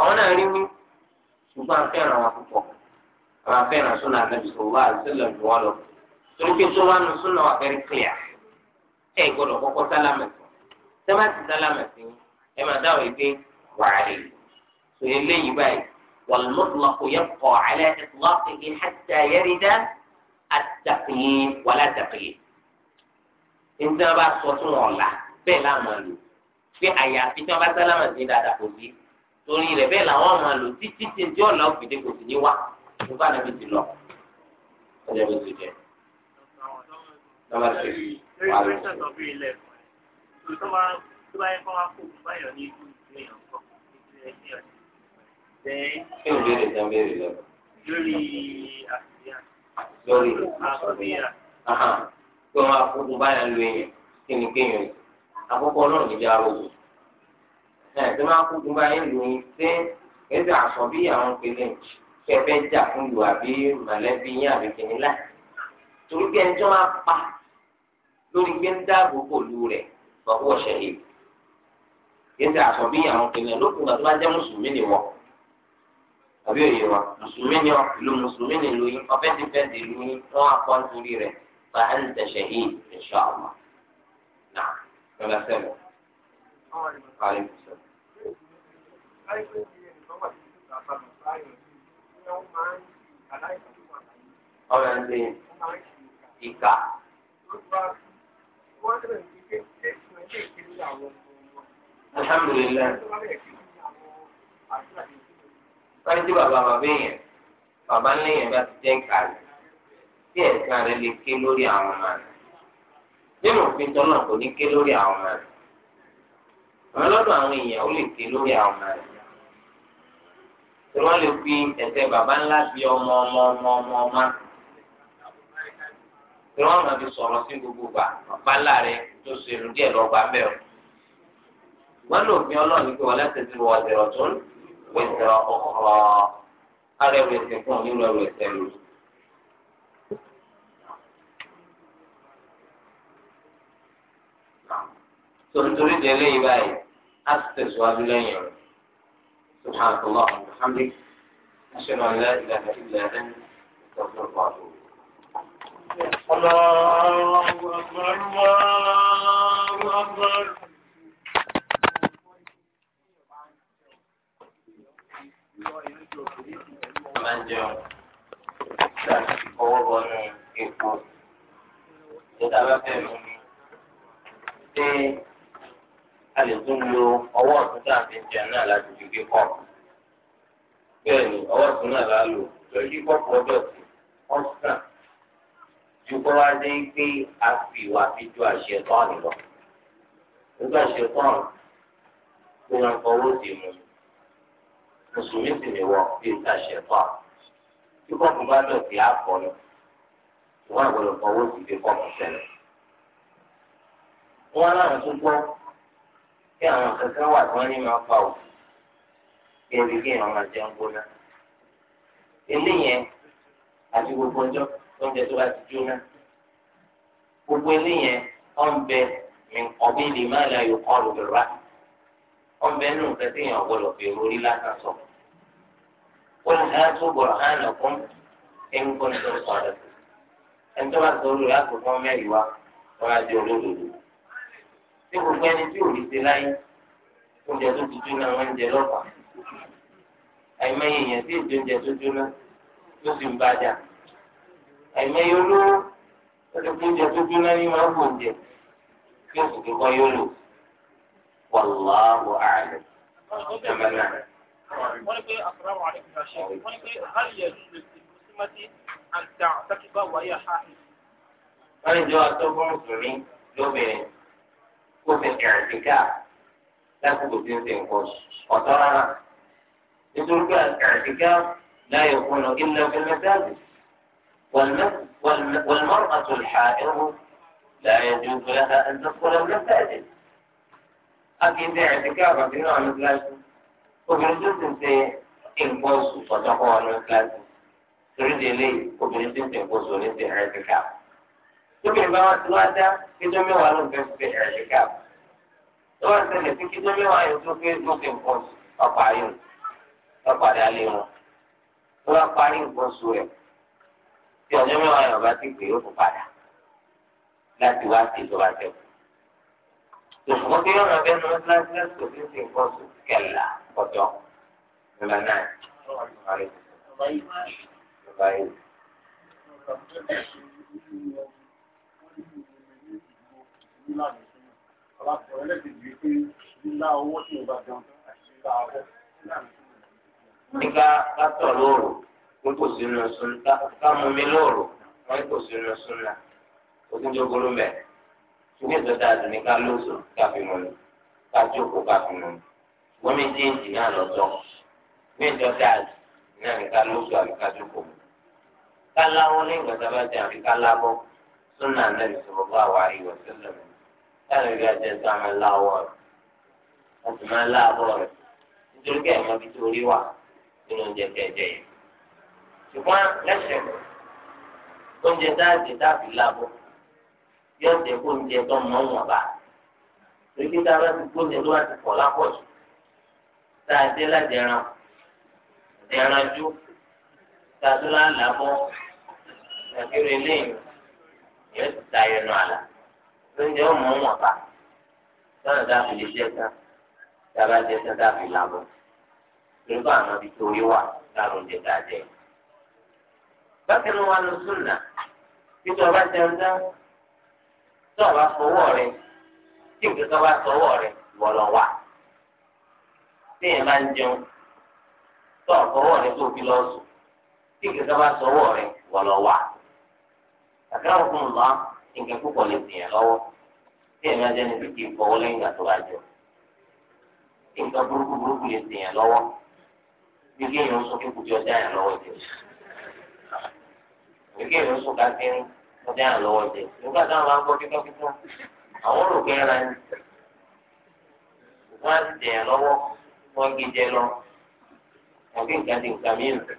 àwọn náà rí mi ṣùgbọ́n afẹ́ràn wọn púpọ̀ àwọn afẹ́ràn súnà àti ìṣòwò àìsílẹ̀ jù wọn lọ. torí pé tó wà nù súnà wà clear ẹ̀ gbọ́dọ̀ kọ́kọ́ sálámà sí ti sálámà ẹ̀ máa dáhùn ìgbé wà àlejò eléyìí báyìí والمطلق يبقى على إطلاقه حتى يرد التقييد ولا تقييد انت bá sọ tún ọ̀la bẹ́ẹ̀ láwọn lò fi àyàfi tí wọ́n bá sálámà sí dáadáa kò sí torí rẹ̀ bẹ́ẹ̀ làwọn máa lò títí tí tí ọ̀la òfìdí kò sí ní wá kó bá nàbí ti lọ. ọjọ́ bó ti jẹ́. Tó bá yẹ kó wá kó báyọ̀ ní ìlú ìgbéyàwó kí ni béèrè tán béèrè lọ. lórí àṣìyà. lórí àṣìyà. pé wọn akókò báyà lu èèyàn kí ni kéèyàn àkókò náà níjà rògbò. ẹ tí wọn akókò báyà lu yín ṣé ẹsẹ àṣọ bí àwọn pèlè kẹfẹ jà fún lu àbí mọ̀lẹ́bí yín àbí kìnìlá. torí pé ẹni tí wọn pa lórí gbé ń dáàbò bò lu rẹ̀ bàbá ọ̀ṣẹ́ yìí. ẹsẹ àṣọ bí àwọn pèlè lókun àti wọn jẹ́ mùsùlùmí ni wọ́n. àbí òye wa mùsùlùmí ni wa ìlú mùsùlùmí ni ìlú yín ọfẹ ti fẹ di ìlú yín wọn akọ nítorí rẹ bá a ń tẹsẹ yìí insha Allah náà lọlá sẹlẹ. ọ̀rọ̀ ń ṣe ìkà. alhamdulilayi. wọ́n ní tí bàbá bàbá èèyàn bàbá ńlẹ̀ yẹn bá ti jẹ́ ìkàlẹ̀ tí ẹ̀ka rẹ̀ lè ké lórí àwọn ọmọ rẹ̀ nínú òfin tọ́lọ̀ kò ní ké lórí àwọn ọmọ rẹ̀ àwọn lọ́dọ̀ àwọn èèyàn ó lè ké lórí àwọn ọmọ rẹ̀ tí wọ́n lè fi ẹ̀sẹ̀ bàbá ńlá bí ọmọ ọmọ ọmọ ọmọ ọmọ tí wọ́n máa fi sọ̀rọ̀ sí gbogbo gbà bàbá ńlá rẹ̀ tó ṣèlú díẹ̀ lọ́gbà wọ́n lòfin ọlọ́run ní wizra ukhra arẹwì ẹsẹ̀ fún onírú ẹrù ẹsẹ̀ lò. sọ̀tùtùrì délé yìí báyìí a ti tẹ̀síwájú lẹ́yìn rẹ̀ subhanahu wa ta'ala alhamdulilayi ashhadu an la ilaha illa anta astaghfiruka wa atubu الله أكبر الله أكبر máa ń jẹun láti fi ọwọ́ bọnú epo ìjọba bá fẹ́ mu ni pé a lè tún lo ọwọ́ ọ̀tún tá à ń fi jẹun náà láti fi gbé kọ́ bẹ́ẹ̀ ni ọwọ́ ọ̀tún náà la lò lórí kọ́pù ọjọ́ ọ̀sán ju kó wá dé pé a fi ìwà fi ju àṣẹ tọ́ọ̀nù lọ nígbà àṣẹ tọ́ọ̀nù kó wọn fọwọ́ sí mu ni mùsùlùmí sì ni wọ bí ìta ṣe fà tí kọ́ọ̀pù bá dọ̀tí àpọ̀ ni ìwọ́n àgbọ̀dọ̀ fọwọ́ sí fi kọ́ọ̀pù sẹ́lẹ̀. wọ́n láwọn tún gbọ́ kí àwọn kankan wà tí wọ́n ní máa fa òkú kí ẹbí kí èèyàn máa jẹun gbóná. eléyẹn àti gbogbo ọjọ́ oúnjẹ tó bá ti jóná gbogbo eléyẹn ọ̀ ń bẹ min qabili ma la yuqalu bil ra'y ọbẹ̀ nù kẹsí yàn gbọdọ̀ fi orí lásán sọ. wọ́n á tó bọ̀rọ̀ á nà fún ẹnìkan tó sọ rẹ̀. ẹni tó bá sọ orí rẹ̀ àpò fún mẹ́rin wa wọ́n á di olódodo. tí gbogbo ẹni tí òbí ti láyé oúnjẹ tó ti jóná wọn ń jẹ lọ́pàá. àìmọye èèyàn tí èdè oúnjẹ tó jóná ló sì ń bàjá. àìmọye olówó ó ti kó oúnjẹ tó jóná ní máa ń bò oúnjẹ kí oṣù والله أعلم تمنى ولكن أقرأ عليك يا شيخ ولكن هل يجوز للمسلمة أن تعتكف وهي حائل؟ فإن جواب توبة مسلمين يومين كوفي الاعتكاف لا كوفي الدين الاعتكاف لا يكون إلا في المساجد والمرأة الحائض لا يجوز لها أن تدخل المساجد akéde àtìkẹ́ àbàtì náà ní kíláàsì obìnrin tó ti ṣe nǹkan oṣù pọ̀tọ́kọ́ ní kíláàsì torí délé obìnrin tó ti nǹkan oṣù ní ti àtìkà tóbi ìbá wa ti wá dá kíjọ́ mẹ́wàá ló ń fẹ́ ṣe àtìkà tó wá ṣẹlẹ̀ sí kíjọ́ mẹ́wàá yẹn tó fẹ́ tó ti nǹkan oṣù ọ̀pá yìí ọ̀pá dálé wọn tó wá parí nǹkan oṣù rẹ̀ tí ọjọ́ mẹ́wàá yẹn ọba ti pè é tòṣùwọ́n tí yọ̀nà bẹ́ẹ̀ ní mọ́tíláṣí lẹ́sùn tí ń sìn kan sùn kẹlà ọ̀dọ́ nígbà náà. Nígbà látọ̀ lóru, wọ́n kò sínú sunna, ká mú mi lóru, wọ́n kò sínú sunna, òkú jókòó ló bẹ̀rẹ̀ ìwé ìtọ́jà àti ní ká lóṣù ká fi mọ̀ ní ká jókòó ká fi mọ̀ ní wọ́n méjèèjì náà lọ́tọ̀ ìwé ìtọ́jà àti náà ní ká lóṣù àti ká jókòó ká láwọn ní ìgbà sábà jẹ àfi súnà nàbì sọ̀rọ̀ bá wà ìwọ̀ sílẹ̀ mi káàrin bí ajẹ́ sọ àwọn láwọ̀ rẹ̀ wọ́n sì máa láàbọ̀ rẹ̀ nítorí kẹ́ ẹ̀ bí tó wà nínú oúnjẹ kẹjẹ yìí ṣùgbọ́n lẹ́sẹ̀ oúnjẹ dáàbì dáàbì lábọ̀ yóò jẹ kó ń jẹ tó mọ wọn bá lókè tá a bá ti gbóni ló wá ti pọ̀ lápọ̀jù tá a dé láti ẹran ẹran jú tá a tó láàlábọ̀ nàkírò eléyìí yóò ti ta ẹnu àlà tó ń jẹ ó mọ wọn bá sọ́nà tá a fi lè jẹ tán tá a bá jẹ tán tá a fi làbọ̀ àwọn ibi tó yé wà láàrú oúnjẹ tá a jẹ. bákan náà wà lọ sùn náà títí ọba jẹun dáhùn. tó o fọwọ́ rẹ tí nǹkan kan bá sọwọ́ rẹ wọ̀ lọ wà téèyàn bá ń jẹun tó o fọwọ́ rẹ tó fi lọ sùn tí nǹkan kan bá sọwọ́ rẹ wọ̀ wà nǹkan púpọ̀ lè lọ́wọ́ bá tí lẹ́yìn ìgbà tó bá nǹkan burúkú ọdẹ àwọn lọ́wọ́ jẹ nígbà táwọn máa ń gbọ́ kíkọ kíkọ àwọn olùkọ́ ẹ̀rọ ẹni wọn á ti jẹ yàn lọ́wọ́ wọn gé jẹ lọ àbí nǹkan di nǹkan mìíràn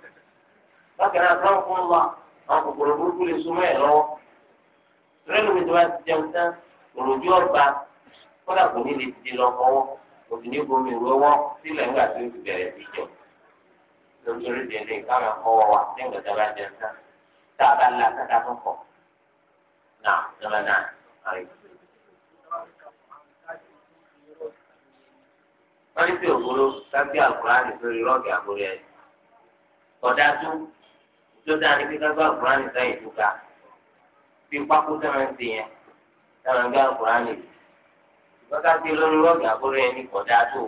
bákan náà káwọn fún wa àwọn kòkòrò burúkú lè súnmọ́ ẹ lọ́wọ́ rẹlùmí tó bá ti jẹun tán òròjú ọba kódà kò ní lè ti lọ fọwọ́ òsì ní gbomi ìwé wọn nígbà tí ó ti bẹ̀rẹ̀ sí jọ lórí ìdílé káwọn ẹ̀kọ́ wa lẹ́yìn ìgbà tí a bá jẹun tán Now, number nine. Sorry. wọ́n ní pé òwúrọ̀ kábí àkùránì sórí rọ́ọ̀kì àbúrò ẹ̀. kọ̀dá tó tó dáa ní kíkà gbọ́ àkùránì sáyẹ̀ tó ga bí pákó sẹ́wọ̀n ti yẹn sẹ́wọ̀n gbé àkùránì. ṣùgbọ́n kábí lórí rọ́ọ̀kì àbúrò ẹ̀ ní kọ̀dá tó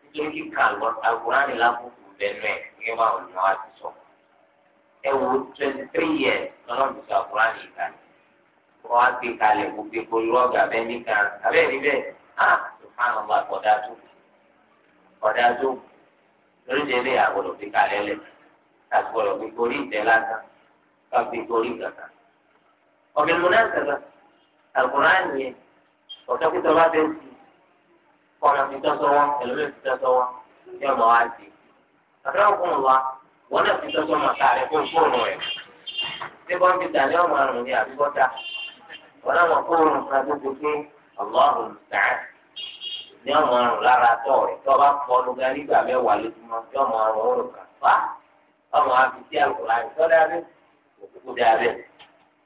nítorí kíkà àkùránì lákòókò bẹ̀nu ẹ̀ kí wọ́n àwọn ènìyàn wá ti sọ. ẹ wo twenty three years lọ́nà tó sọ àkùránì ìkànnì wọn á gbé kalẹ̀ kó gbé polú ọ̀gá bẹ́ẹ̀ ní kan abẹ́ẹ̀ níbẹ̀ á sùpánù bá kọ̀dá tó kọ̀dá tó lóríṣẹ́ lè àgbọ̀dọ̀ gbé kalẹ̀ lẹ̀ láti gbọ́dọ̀ gbé torí ìtẹ́ lásán ká gbé torí kankan. ọ̀gbìn múná sẹ̀gà àgùnrán yẹn ọ̀tọ́ pé tọ́lá bẹ́ẹ̀ sí kọ́nà fi tọ́sọ́wọ́ ẹlòmíràn fi tọ́sọ́wọ́ yọ ọmọ wa sí. àtàwọn fún wa wọn náà fi tọ́sọ́ màkà wọn náà mọ̀ kó oorun kan tó ti pé ọlọ́run tàn án ní ọmọ ọrùn lára tọ̀ rẹ̀ tó bá pọ̀ ọ́nù gan nígbà mẹ́wàá lójúmọ́ tí ọmọ ọrùn oorun kan fà á ọmọ àfi sí àlùkùránì tó dáa bẹ́ẹ̀ òkùnkùn dáa bẹ́ẹ̀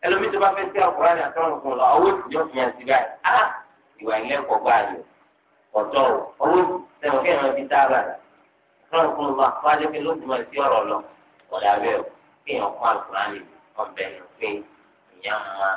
ẹlòmí tó bá fẹ́ sí àlùkùránì àtọ́rùn kan lọ owó ìtìjọ́ fi hàn sí báyìí á ìwà ilé ẹ̀kọ́ gbá a lò ọ̀tọ̀ owó sẹ́wọ̀n kí ẹ̀ràn fi tá a rà àtọ́rùn kan lọ àfáàjẹ́ pé ló ti máa sí ọ̀rọ̀ lọ ọ̀dà bẹ́ẹ̀ kí èèyàn kún àlùkùránì ọ̀bẹ̀ nù pé ìyá máa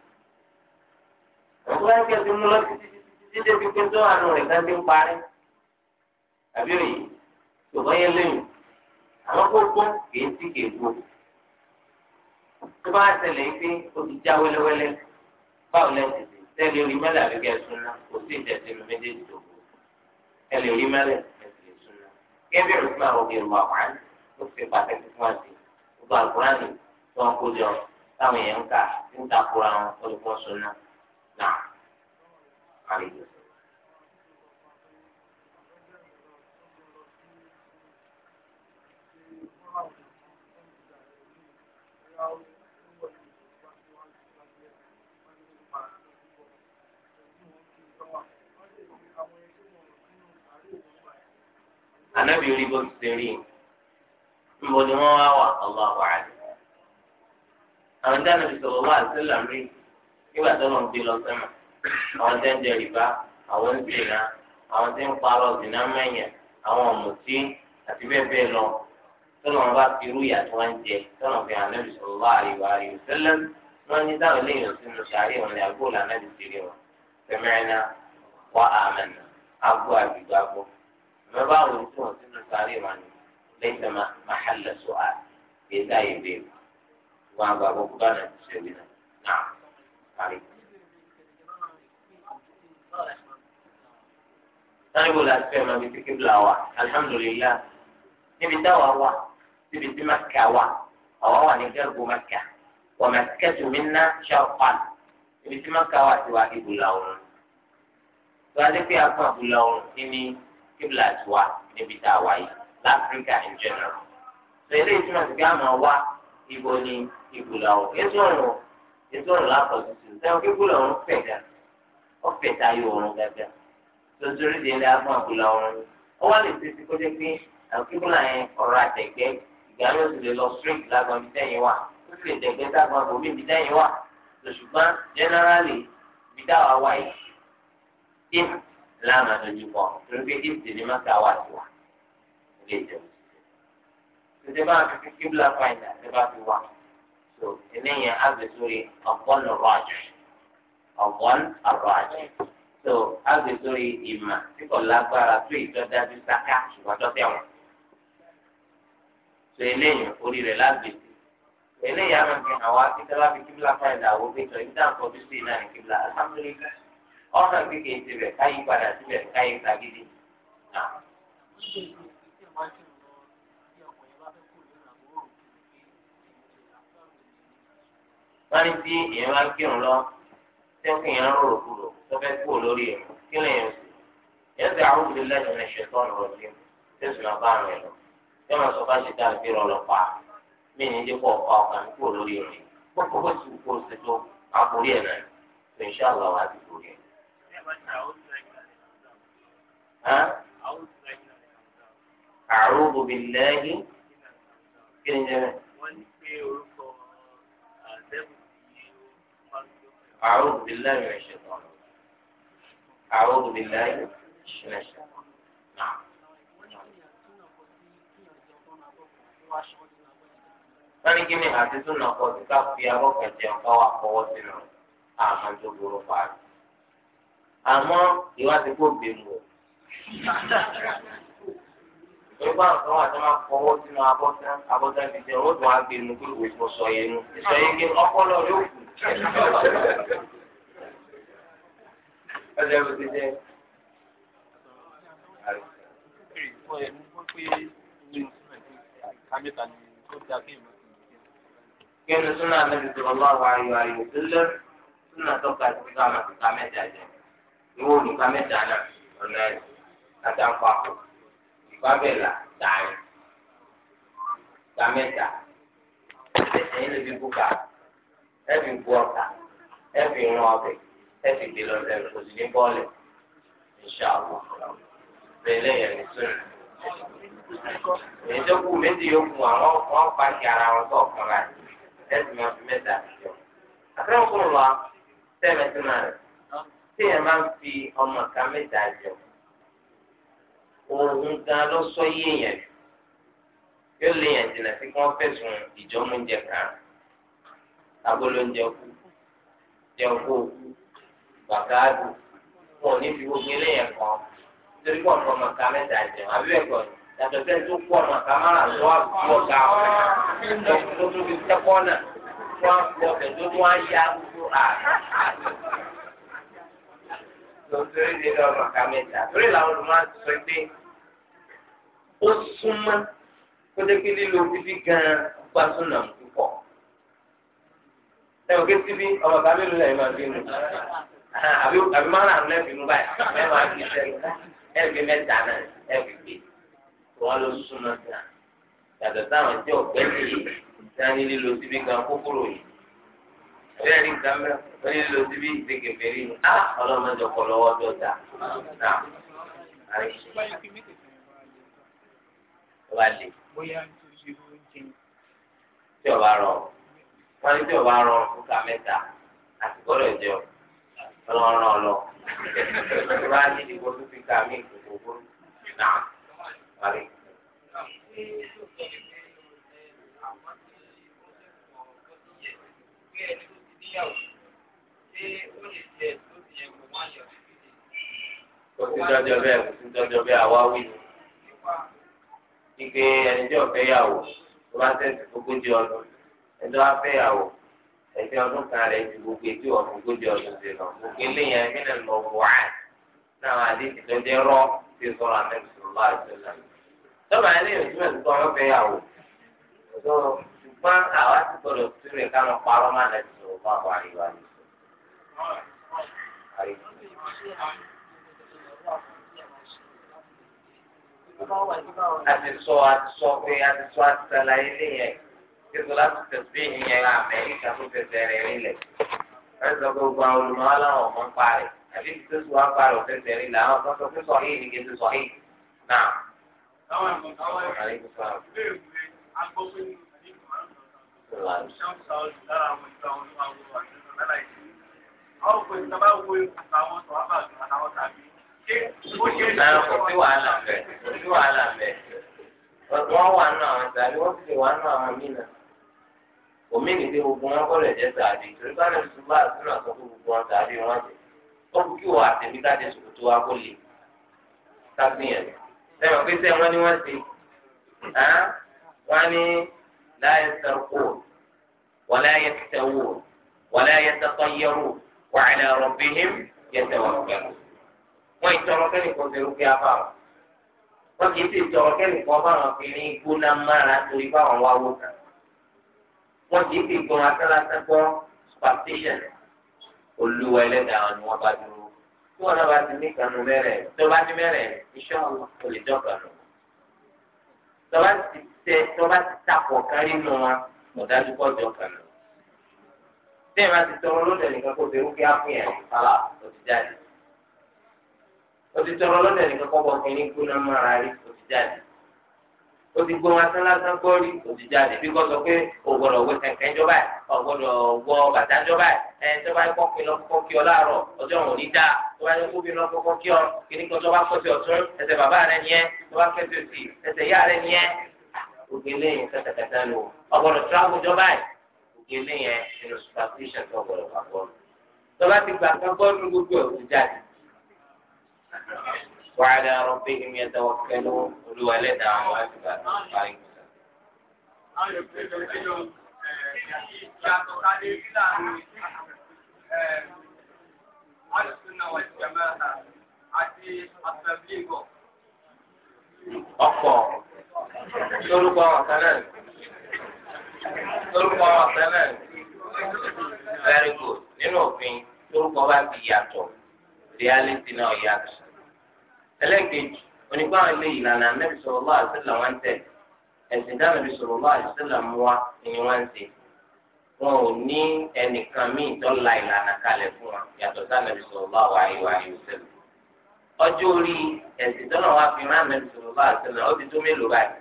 ọ̀gbọ́n ẹgbẹ́ ti mú lọ títí títí fi pé tó àánú rẹ̀ ká ti ń parí àbí òye ṣùgbọ́n yẹn lẹ́yìn àwọn gbogbo kìí sí kìí gbó tó bá ṣẹlẹ̀ pé o ti já wẹ́lẹ́wẹ́lẹ́ báwo lẹ́yìn tètè tẹ́lẹ̀ orí mẹ́lẹ̀ àbí kẹ́ sún náà kò sí ìtẹ̀sẹ̀ mi méjèèjì tó kù tẹ́lẹ̀ orí mẹ́lẹ̀ ẹ̀sìn sún náà kẹ́bí rẹ̀ fún àwọn obìnrin wà ó fi pàtàkì fún àti gbogbo àkùránì tó ń kó jọ táwọn èèyàn ń kà ń takura wọn olùkọ́ sún náà. نعم عليه السلام anabi orí bó ti rí nbọ ni wọn wá wà Allahu àdé àwọn dáná bisọ wọn wá àti sẹlẹm rí nígbà tó lọ́n gbé lọ sẹ́mà àwọn tẹ́ ń jẹ rìbá àwọn ń dènà àwọn tẹ́ ń parọ́ dènà mẹ́yìn àwọn ọ̀mùtí àti bẹ́ẹ̀ bẹ́ẹ̀ lọ tó lọ́n bá fi irú ìyà tó wọ́n jẹ tó lọ́n fi ànábì sọ̀rọ̀ wá àríwá àríwá sẹ́lẹ̀ wọ́n ní táwọn eléyìí ò sínú sàárè wọn ni àgbo làná ti tèrè wọn fẹmẹ́rẹ́nà wà àmẹ́nà àgbo àgbègbè àgbo ìmọ̀ wọn tí wọn ti ṣe parí. sáyẹ́wò la fẹ́ ma fi kékeré bila wa alihamudulilayi níbi táwa wa níbi tí ma kà wa àwa wà ní gẹ́gùn ma kà wà ma kẹ́tù mi ná ṣàpàn níbi tí ma kà wa ti wà ibùlà òun tó a lè fi àpọn ibùlà òun níbi kébìlà ti wa níbi táwa yìí láfíríkà in general. sọ eléyìí tí ma ti gbé àmọ́ wa ibo ni ibùlà òun. ètò ọ̀run ètò ọ̀rọ̀ lápọ̀jù tù sẹ́wọ̀n kíkú lọ ń fẹ̀ dà ó fẹ̀ ta yóò rún gàgà lójúrí di ilé agbọ̀n àbúlà ọ̀run ó wá lè tètè kó dé pé àwọn kíkú là ń ọ̀rọ̀ àtẹ̀gbẹ́ ìgbà yóò sì lè lọ straight lágbọ̀n ibi tẹ́yìn wà ó sì lè tẹ̀gbẹ́ ságbọ̀n àbòmí ibi tẹ́yìn wà lòṣùgbọ́n generally ibi táwa wáyé if lánàá lójú kọ torí pé if tèmi má ká wà tiwa ó lè jẹun tètè bá a fi kíbla fáìnà tó eléyìí agbèsórí ọ̀pọ̀n rọ̀jù ọ̀pọ̀n rọ̀jù tó agbèsórí ìmọ̀ tí kò lágbára tó ìjọdájú sáká ṣùgbọ́n tó tẹ̀wọ̀n tó eléyìí orí rẹ̀ lágbèsí eléyìí àwọn ti hàn wá kí kíbla fún ẹ̀dá owó pé tó ibi táwọn kọjú sí iná ní kíbla alhamdulilá ọ̀nà kékeré tibẹ̀ káyí padà tibẹ̀ káyí tagídí. wọ́n ní tí èèyàn máa ń kírun lọ tí ó kìyàn ń rò kúrò tó fẹ́ kúrò lórí rẹ̀ kí lè yẹn sùn yẹn ti àwọn òbí lẹ́yìn rẹ̀ ṣe tọ́nu rọ̀ sí tí ó sì máa bá rẹ̀ lọ tí wọ́n sọ bá ṣe dáa bí rọ̀ lọ pa mí ní dípò ọ̀pá ọ̀pá mi kúrò lórí rẹ̀ gbogbo bó ti kúrò sí tó àkórí ẹ̀ náà tó ń ṣàlọ́ wá ti kúrò rẹ̀. أعوذ بالله كلمة أعوذ بالله من الشيطان أعوذ بالله من الشيطان نعم wọ́n ní kí ni àti súnà kọ sí ká fi abọ́kẹ̀ jẹun ká wà fọwọ́ sínú àmọ́ tó burú parí. àmọ́ ìwádìí kò gbé mu. ìgbà kan wà tó máa fọwọ́ sínú abọ́sẹ́ abọ́sẹ́ ti jẹun ó tún á gbé mu kí òwe tó sọ yẹn nu. ìsọyìn kí ọpọlọ yóò kù ọjọ́ ìwé ti jẹ́ fún ẹ mú wọ́n pé nínú súnà ìlú ìka mẹ́ta ni ó da kí ìmọ̀ sí ìdíje. kí ẹnu súnà mẹ́ta ti wọ́n máa wá ayọ̀ ayọ̀ tó lẹ́ súnà tọ́ka sí ká máa kíka mẹ́ta jẹ. ìwọ olùka mẹ́ta náà ọ̀nà ẹ̀ látàkọ́ àpò ìfábẹ́là dàáyìn ìka mẹ́ta ẹ̀yìn lè fi kú kàá ẹbí bu ọkà ẹbí rán ọbẹ̀ ẹbí gbé lọ lẹ́nu kò sí ní bọ́ọ̀lù ìṣàwọ̀ bẹ́ẹ̀lẹ́ yẹn ní sọ́ọ̀rọ̀. ìjọba méjì yóò fún àwọn wọn pàṣẹ ara wọn tó ọkàn rà ẹbí máa fi mẹ́ta àtijọ. àtàwọn kúrò wá sẹ́mẹ̀tì náà rẹ̀ tí yẹn máa ń fi ọmọ ká mẹ́ta jọ. òun gan ló sọ yéèyàn yóò léèyàn jìnnà sí kí wọ́n fẹ̀sùn ìjọ́múnjẹ kan abolonjẹ kú jẹko bàtàdù wọn ò ní fi gbogbo eléyẹn kan torí pọ̀ nǹkan màkà mẹ́ta jẹun àbí ẹ̀kọ́ yàtọ̀ sẹ́ni tó pọ̀ màkà márà tó wà fún ọ̀gá ọ̀rẹ́ tó tó fi tẹ́kọ́ náà tó wà fún ọ̀bẹ tó tó wà yá gbogbo àrùn lọ́sọ̀rọ̀ ìdí lọ́wọ́ màkà mẹ́ta torí làwọn olùmọ̀ àti sọ pé ó súnmọ́ kó dé pé lílo bíbí gan-an gbásùn náà ẹ̀rọ ké síbi ọmọ ká mélòó lẹ́yìn máa bínú àbí àbí máa rà nílẹ̀ bínú báyìí ẹ̀ máa fi sẹ́yìn ẹ̀ fi mẹ́ta náà ẹ̀ fi gbé wọn ló súnmọ́ sí à yàtọ̀ sáwọn tí ọ̀gbẹ́ ti sani lílo síbi kan kókóró yìí bẹ́ẹ̀ ni nǹkan mẹ́rin wọ́n lílo síbi ìdíkẹ̀fẹ́ rí ni á ah! ọlọ́mọdé ọkọ̀ lọ́wọ́ dọ́ta náà àríṣe. ọba lè. bóyá nítorí oúnjẹ. tí ọba rọrùn wọn ní tí o bá rọrùn fún ká mẹ́ta àti kọlọ ìjọ Ọlọ́run ọlọ ìwà ní ìdìbò tó fi ká mí gbogbo náà parí. kò sí dọ́jọ́ bẹ́ẹ̀ kò sí dọ́jọ́ bẹ́ẹ̀ àwa wí ni. ìgbé ẹni tí ọ̀fẹ́ yà wò ló bá ń tẹ̀sí ogójì ọdún ẹjọ́ afẹ́yàwó ẹ̀fẹ́ ọdún kan rẹ̀ ju gbogbo etí ọ̀fun gbòdì ọdún sí lọ gbogbo eléyà ẹ̀mí náà lọ wọ̀ á náà adé ti tó dé rọ́ sí sọ̀rọ̀ amẹ́sọ̀rọ̀ àìsọ̀lá tọ́ba eléyà tí wọ́n ti kọ́ ọlọ́fẹ́yàwó tó ṣùgbọ́n àwa ti gbọ́dọ̀ tú rẹ̀ káwọn parọ́ má lẹ́ ti sọ̀rọ̀ fún àwọn àríwá ni. a ti sọ a ti sọ pé a ti sọ a ti sàlàyé léyìn ẹ̀ kíkọ́ láti tẹ̀sí ìyẹn amẹ́ríkà tó fẹsẹ̀ rẹ̀ rinlẹ̀ ẹ̀sọ́ gbogbo àwọn olùmọ̀ aláwọ̀ ọmọ ń parẹ̀ àbí ti tẹ̀sí wa parẹ̀ òfẹsẹ̀ rinlẹ̀ àwọn kan sọ pé sọ̀rí ìní kí n ti sọ̀rí náà. táwọn ẹ̀kọ́ táwọn ẹ̀kọ́ ilé ìwé agbófin Àwọn kò sí wàhálà mẹ́, kò sí wàhálà mẹ́. Wọ́n wà náà àwọn tàbí wọ́n sì wà náà àwọn mí náà omi nìdí gbogbo wọn kọ́ lẹ̀ jẹ́ sàbí torí bá lẹ́nu tó bá àtúnú àtọ́ fún gbogbo wọn sàbí wọn jẹ ó kú kí wọ́n àtẹ̀mí káde sòkòtò wa kó lè kágbìyànjú lẹ́yìn pé sẹ́yìn wọ́n ní wọ́n ti wọ́n ní láyé sẹ́kù wọ́n láyé sẹ́wù wọ́n láyé sẹ́kọ̀ yẹ̀wù wọ́n àlẹ́ rọ̀bì him yẹ̀sẹ̀ wọ́n pẹ̀lú. wọ́n ìtọ́rọ kẹ́nìkan ti rúkẹ́ afá wọ́n kì í sì ìtọ́rọ kẹ́nìkan báwọn fi gbóná mára torí báwọn wá kan wọ́n ti fi gbọ́n asálásán gbọ́ superstition olúwa ẹlẹ́dàá wọn ni wọ́n bá dúró tí wọn náà bá ti ní kanu mẹ́rẹ̀ tó bá ní mẹ́rẹ̀ iṣẹ́ ò lè jọ kanu tó bá ti tẹ tó bá ti tapọ̀ kárí nù wọn mọ̀ dájú kọ́ jọ kanu tí ìmá ti tọrọ lóde nìkan kó serú kí á fún yẹn kálá ó ti jáde ó ti tọrọ lóde nìkan kó bọ̀ kí ní gbóná mọ́ra rí ó ti jáde ó ti gbé wọn sán lásán gbọ́ rí òjì jáde bí kò sọ pé o gbọ́dọ̀ wọ kẹ̀kẹ́ jọba ẹ̀ o gbọ́dọ̀ wọ bàtà jọba ẹ̀ ẹ̀ jọba ẹ̀ kọ́kí lọ kọ́kọ́ kí ọ láàárọ̀ ọjọ́ òun ní dáa jọba ẹ̀ kọ́kí lọ kọ́kọ́ kí ọ kìíní kan jọba kọ́sí ọ̀tún ẹsẹ̀ bàbá rẹ nìyẹn jọba kẹsì òsì ẹsẹ̀ yá rẹ nìyẹn ògèlè yẹn kẹtẹkẹtẹ lò o gbọ́dọ̀ travel jọba وعلى ربهم يتوكلون olúwa ẹlẹ́dàá àwọn àgbà tó ń parí. ọkọ̀ lórúkọ ọ̀sẹ̀lẹ̀ lórúkọ ọ̀sẹ̀lẹ̀ very good You know lórúkọ bá ti yàtọ̀ reality náà yàtọ̀ ẹlẹ́ẹ̀kejì onígbà ilé ìlànà anábì sallallahu alaihi wasallam wọn tẹ̀ ẹ̀sìn dáná bí sallallahu alaihi wasallam wa ni wọ́n ń ṣe wọn ò ní ẹnìkan míì tó la ìlànà kalẹ̀ fún wa yàtọ̀ sáà nàbì sallallahu alaihi wasallam ọjọ́ orí ẹ̀sìn tọ́nà wa fi rán àmì ìṣòro bá àtẹlẹ ó ti tó mélòó báyìí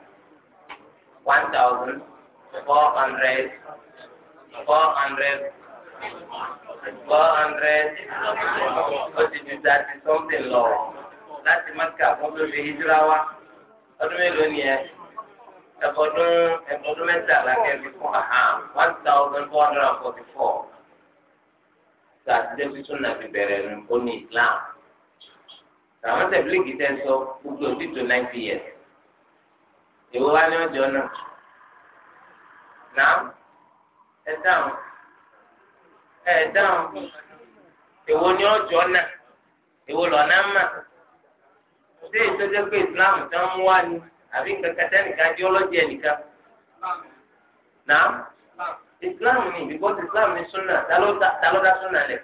one thousand four hundred four hundred four hundred ó ti ju láti maka fún tó ṣe hijira wa ọdún mélòó ni ẹ ẹgbọdún ẹgbọdún mẹ́tàlá kẹbi fún ahàn one thousand four hundred and forty four sàtìdé tuntun náà fi bẹ̀rẹ̀ ní ó ní Islam àwọn tẹ̀blíkì tẹ́ ń sọ gbogbo òbí tó ninety years èwo wá ní ọjọ́ náà náà ẹ dáhùn ẹ dáhùn èwo ní ọjọ́ náà èwo lọ́nà máa ṣé ìtọ́jọ́ pé islam ti ń mú wá ni àbí kankan sẹ́nìkan jẹ́ ọlọ́jì ẹnìkan. nà islam ni because islam ni sunna dalọ́dá sunna lẹ̀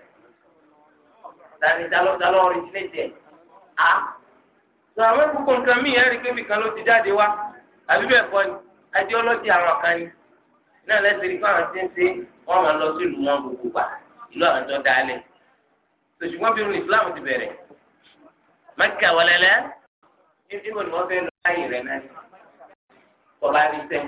tani dalọ́ ọ̀rìjìnẹ̀tì ẹ̀ a. sọ àwọn púpọ̀ nǹkan míì ẹ̀rí pé ibìkan ló ti jáde wá àbí bẹ́ẹ̀ kọ́ ni ideology àwọn kan ni náà lẹ́sẹ̀ rí fáwọn tí ń ṣe wọ́n máa lọ sí ìlú wọn gbogbo gbà ìlú àwọn tó dálẹ̀. sòṣùgbọ́n bí irun Islam ti bẹ̀rẹ̀ Mẹ́kà wọlé lẹ́yìn níbi mo ní wọ́n fẹ́ lọ láyè rẹ̀ náà tọ́ba rí sẹ́